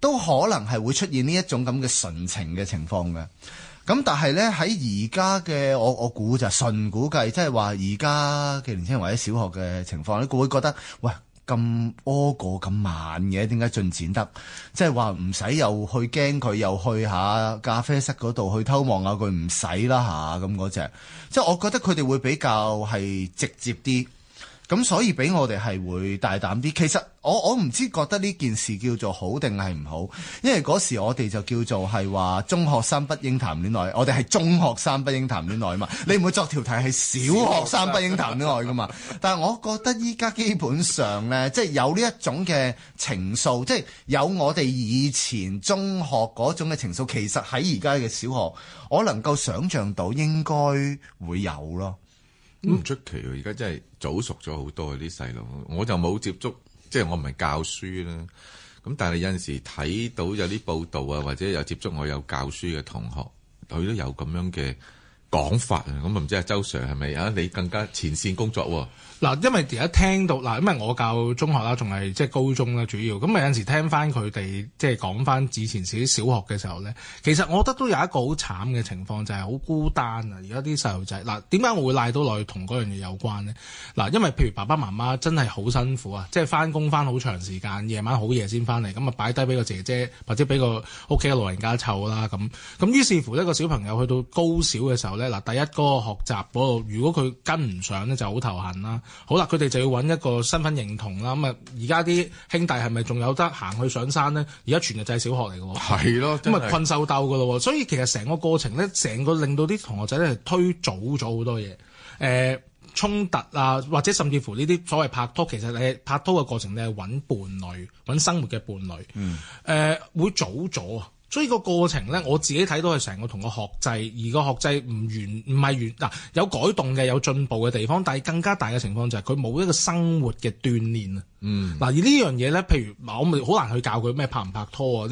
Speaker 1: 都可能係會出現呢一種咁嘅純情嘅情況嘅。咁但係咧，喺而家嘅，我我估就純估計，即係話而家嘅年輕人或者小學嘅情況咧，佢會覺得喂，咁屙過咁慢嘅，點解進展得？即係話唔使又去驚佢又去下咖啡室嗰度去偷望下佢，唔使啦嚇，咁嗰隻。即係我覺得佢哋會比較係直接啲。咁所以俾我哋係會大膽啲。其實我我唔知覺得呢件事叫做好定係唔好，因為嗰時我哋就叫做係話中學生不應談戀愛，我哋係中學生不應談戀愛嘛。你唔會作條題係小學生不應談戀愛㗎嘛？但係我覺得依家基本上呢，即係有呢一種嘅情愫，即係有我哋以前中學嗰種嘅情愫，其實喺而家嘅小學，我能夠想像到應該會有咯。
Speaker 3: 嗯，唔出奇喎，而家真係早熟咗好多啊！啲細路，我就冇接觸，即係我唔係教書啦。咁但係有陣時睇到有啲報道啊，或者有接觸我有教書嘅同學，佢都有咁樣嘅講法啊，咁啊唔知阿周 sir 係咪啊？你更加前線工作喎，啊？
Speaker 4: 嗱，因為而家聽到嗱，因為我教中學啦，仲係即係高中啦，主要咁啊有陣時聽翻佢哋即係講翻之前自己小學嘅時候咧，其實我覺得都有一個好慘嘅情況，就係、係、好孤單啊！而家啲細路仔嗱，點解我會賴到落去同嗰樣嘢有關呢？嗱，因為譬如爸爸媽媽真係好辛苦啊，即係翻工翻好長時間，夜晚好夜先翻嚟，咁啊擺低俾個姐姐或者俾個屋企嘅老人家湊啦咁，咁於是乎呢個小朋友去到高小嘅時候。嗱，第一嗰個學習嗰度，如果佢跟唔上咧，就好頭痕啦。好啦，佢哋就要揾一個身份認同啦。咁啊，而家啲兄弟係咪仲有得行去上山咧？而家全日制小學嚟嘅喎，係咯，咁啊困獸鬥嘅咯。所以其實成個過程咧，成個令到啲同學仔咧，推早咗好多嘢，誒衝突啊，或者甚至乎呢啲所謂拍拖，其實你拍拖嘅過程，你係揾伴侶，揾生活嘅伴侶，嗯，誒會早咗啊。所以個過程咧，我自己睇到係成個同個學制，而個學制唔完，唔係完嗱、啊、有改動嘅，有進步嘅地方，但係更加大嘅情況就係佢冇一個生活嘅鍛煉啊。嗯，嗱，而呢樣嘢咧，譬如我咪好難去教佢咩拍唔拍拖啊。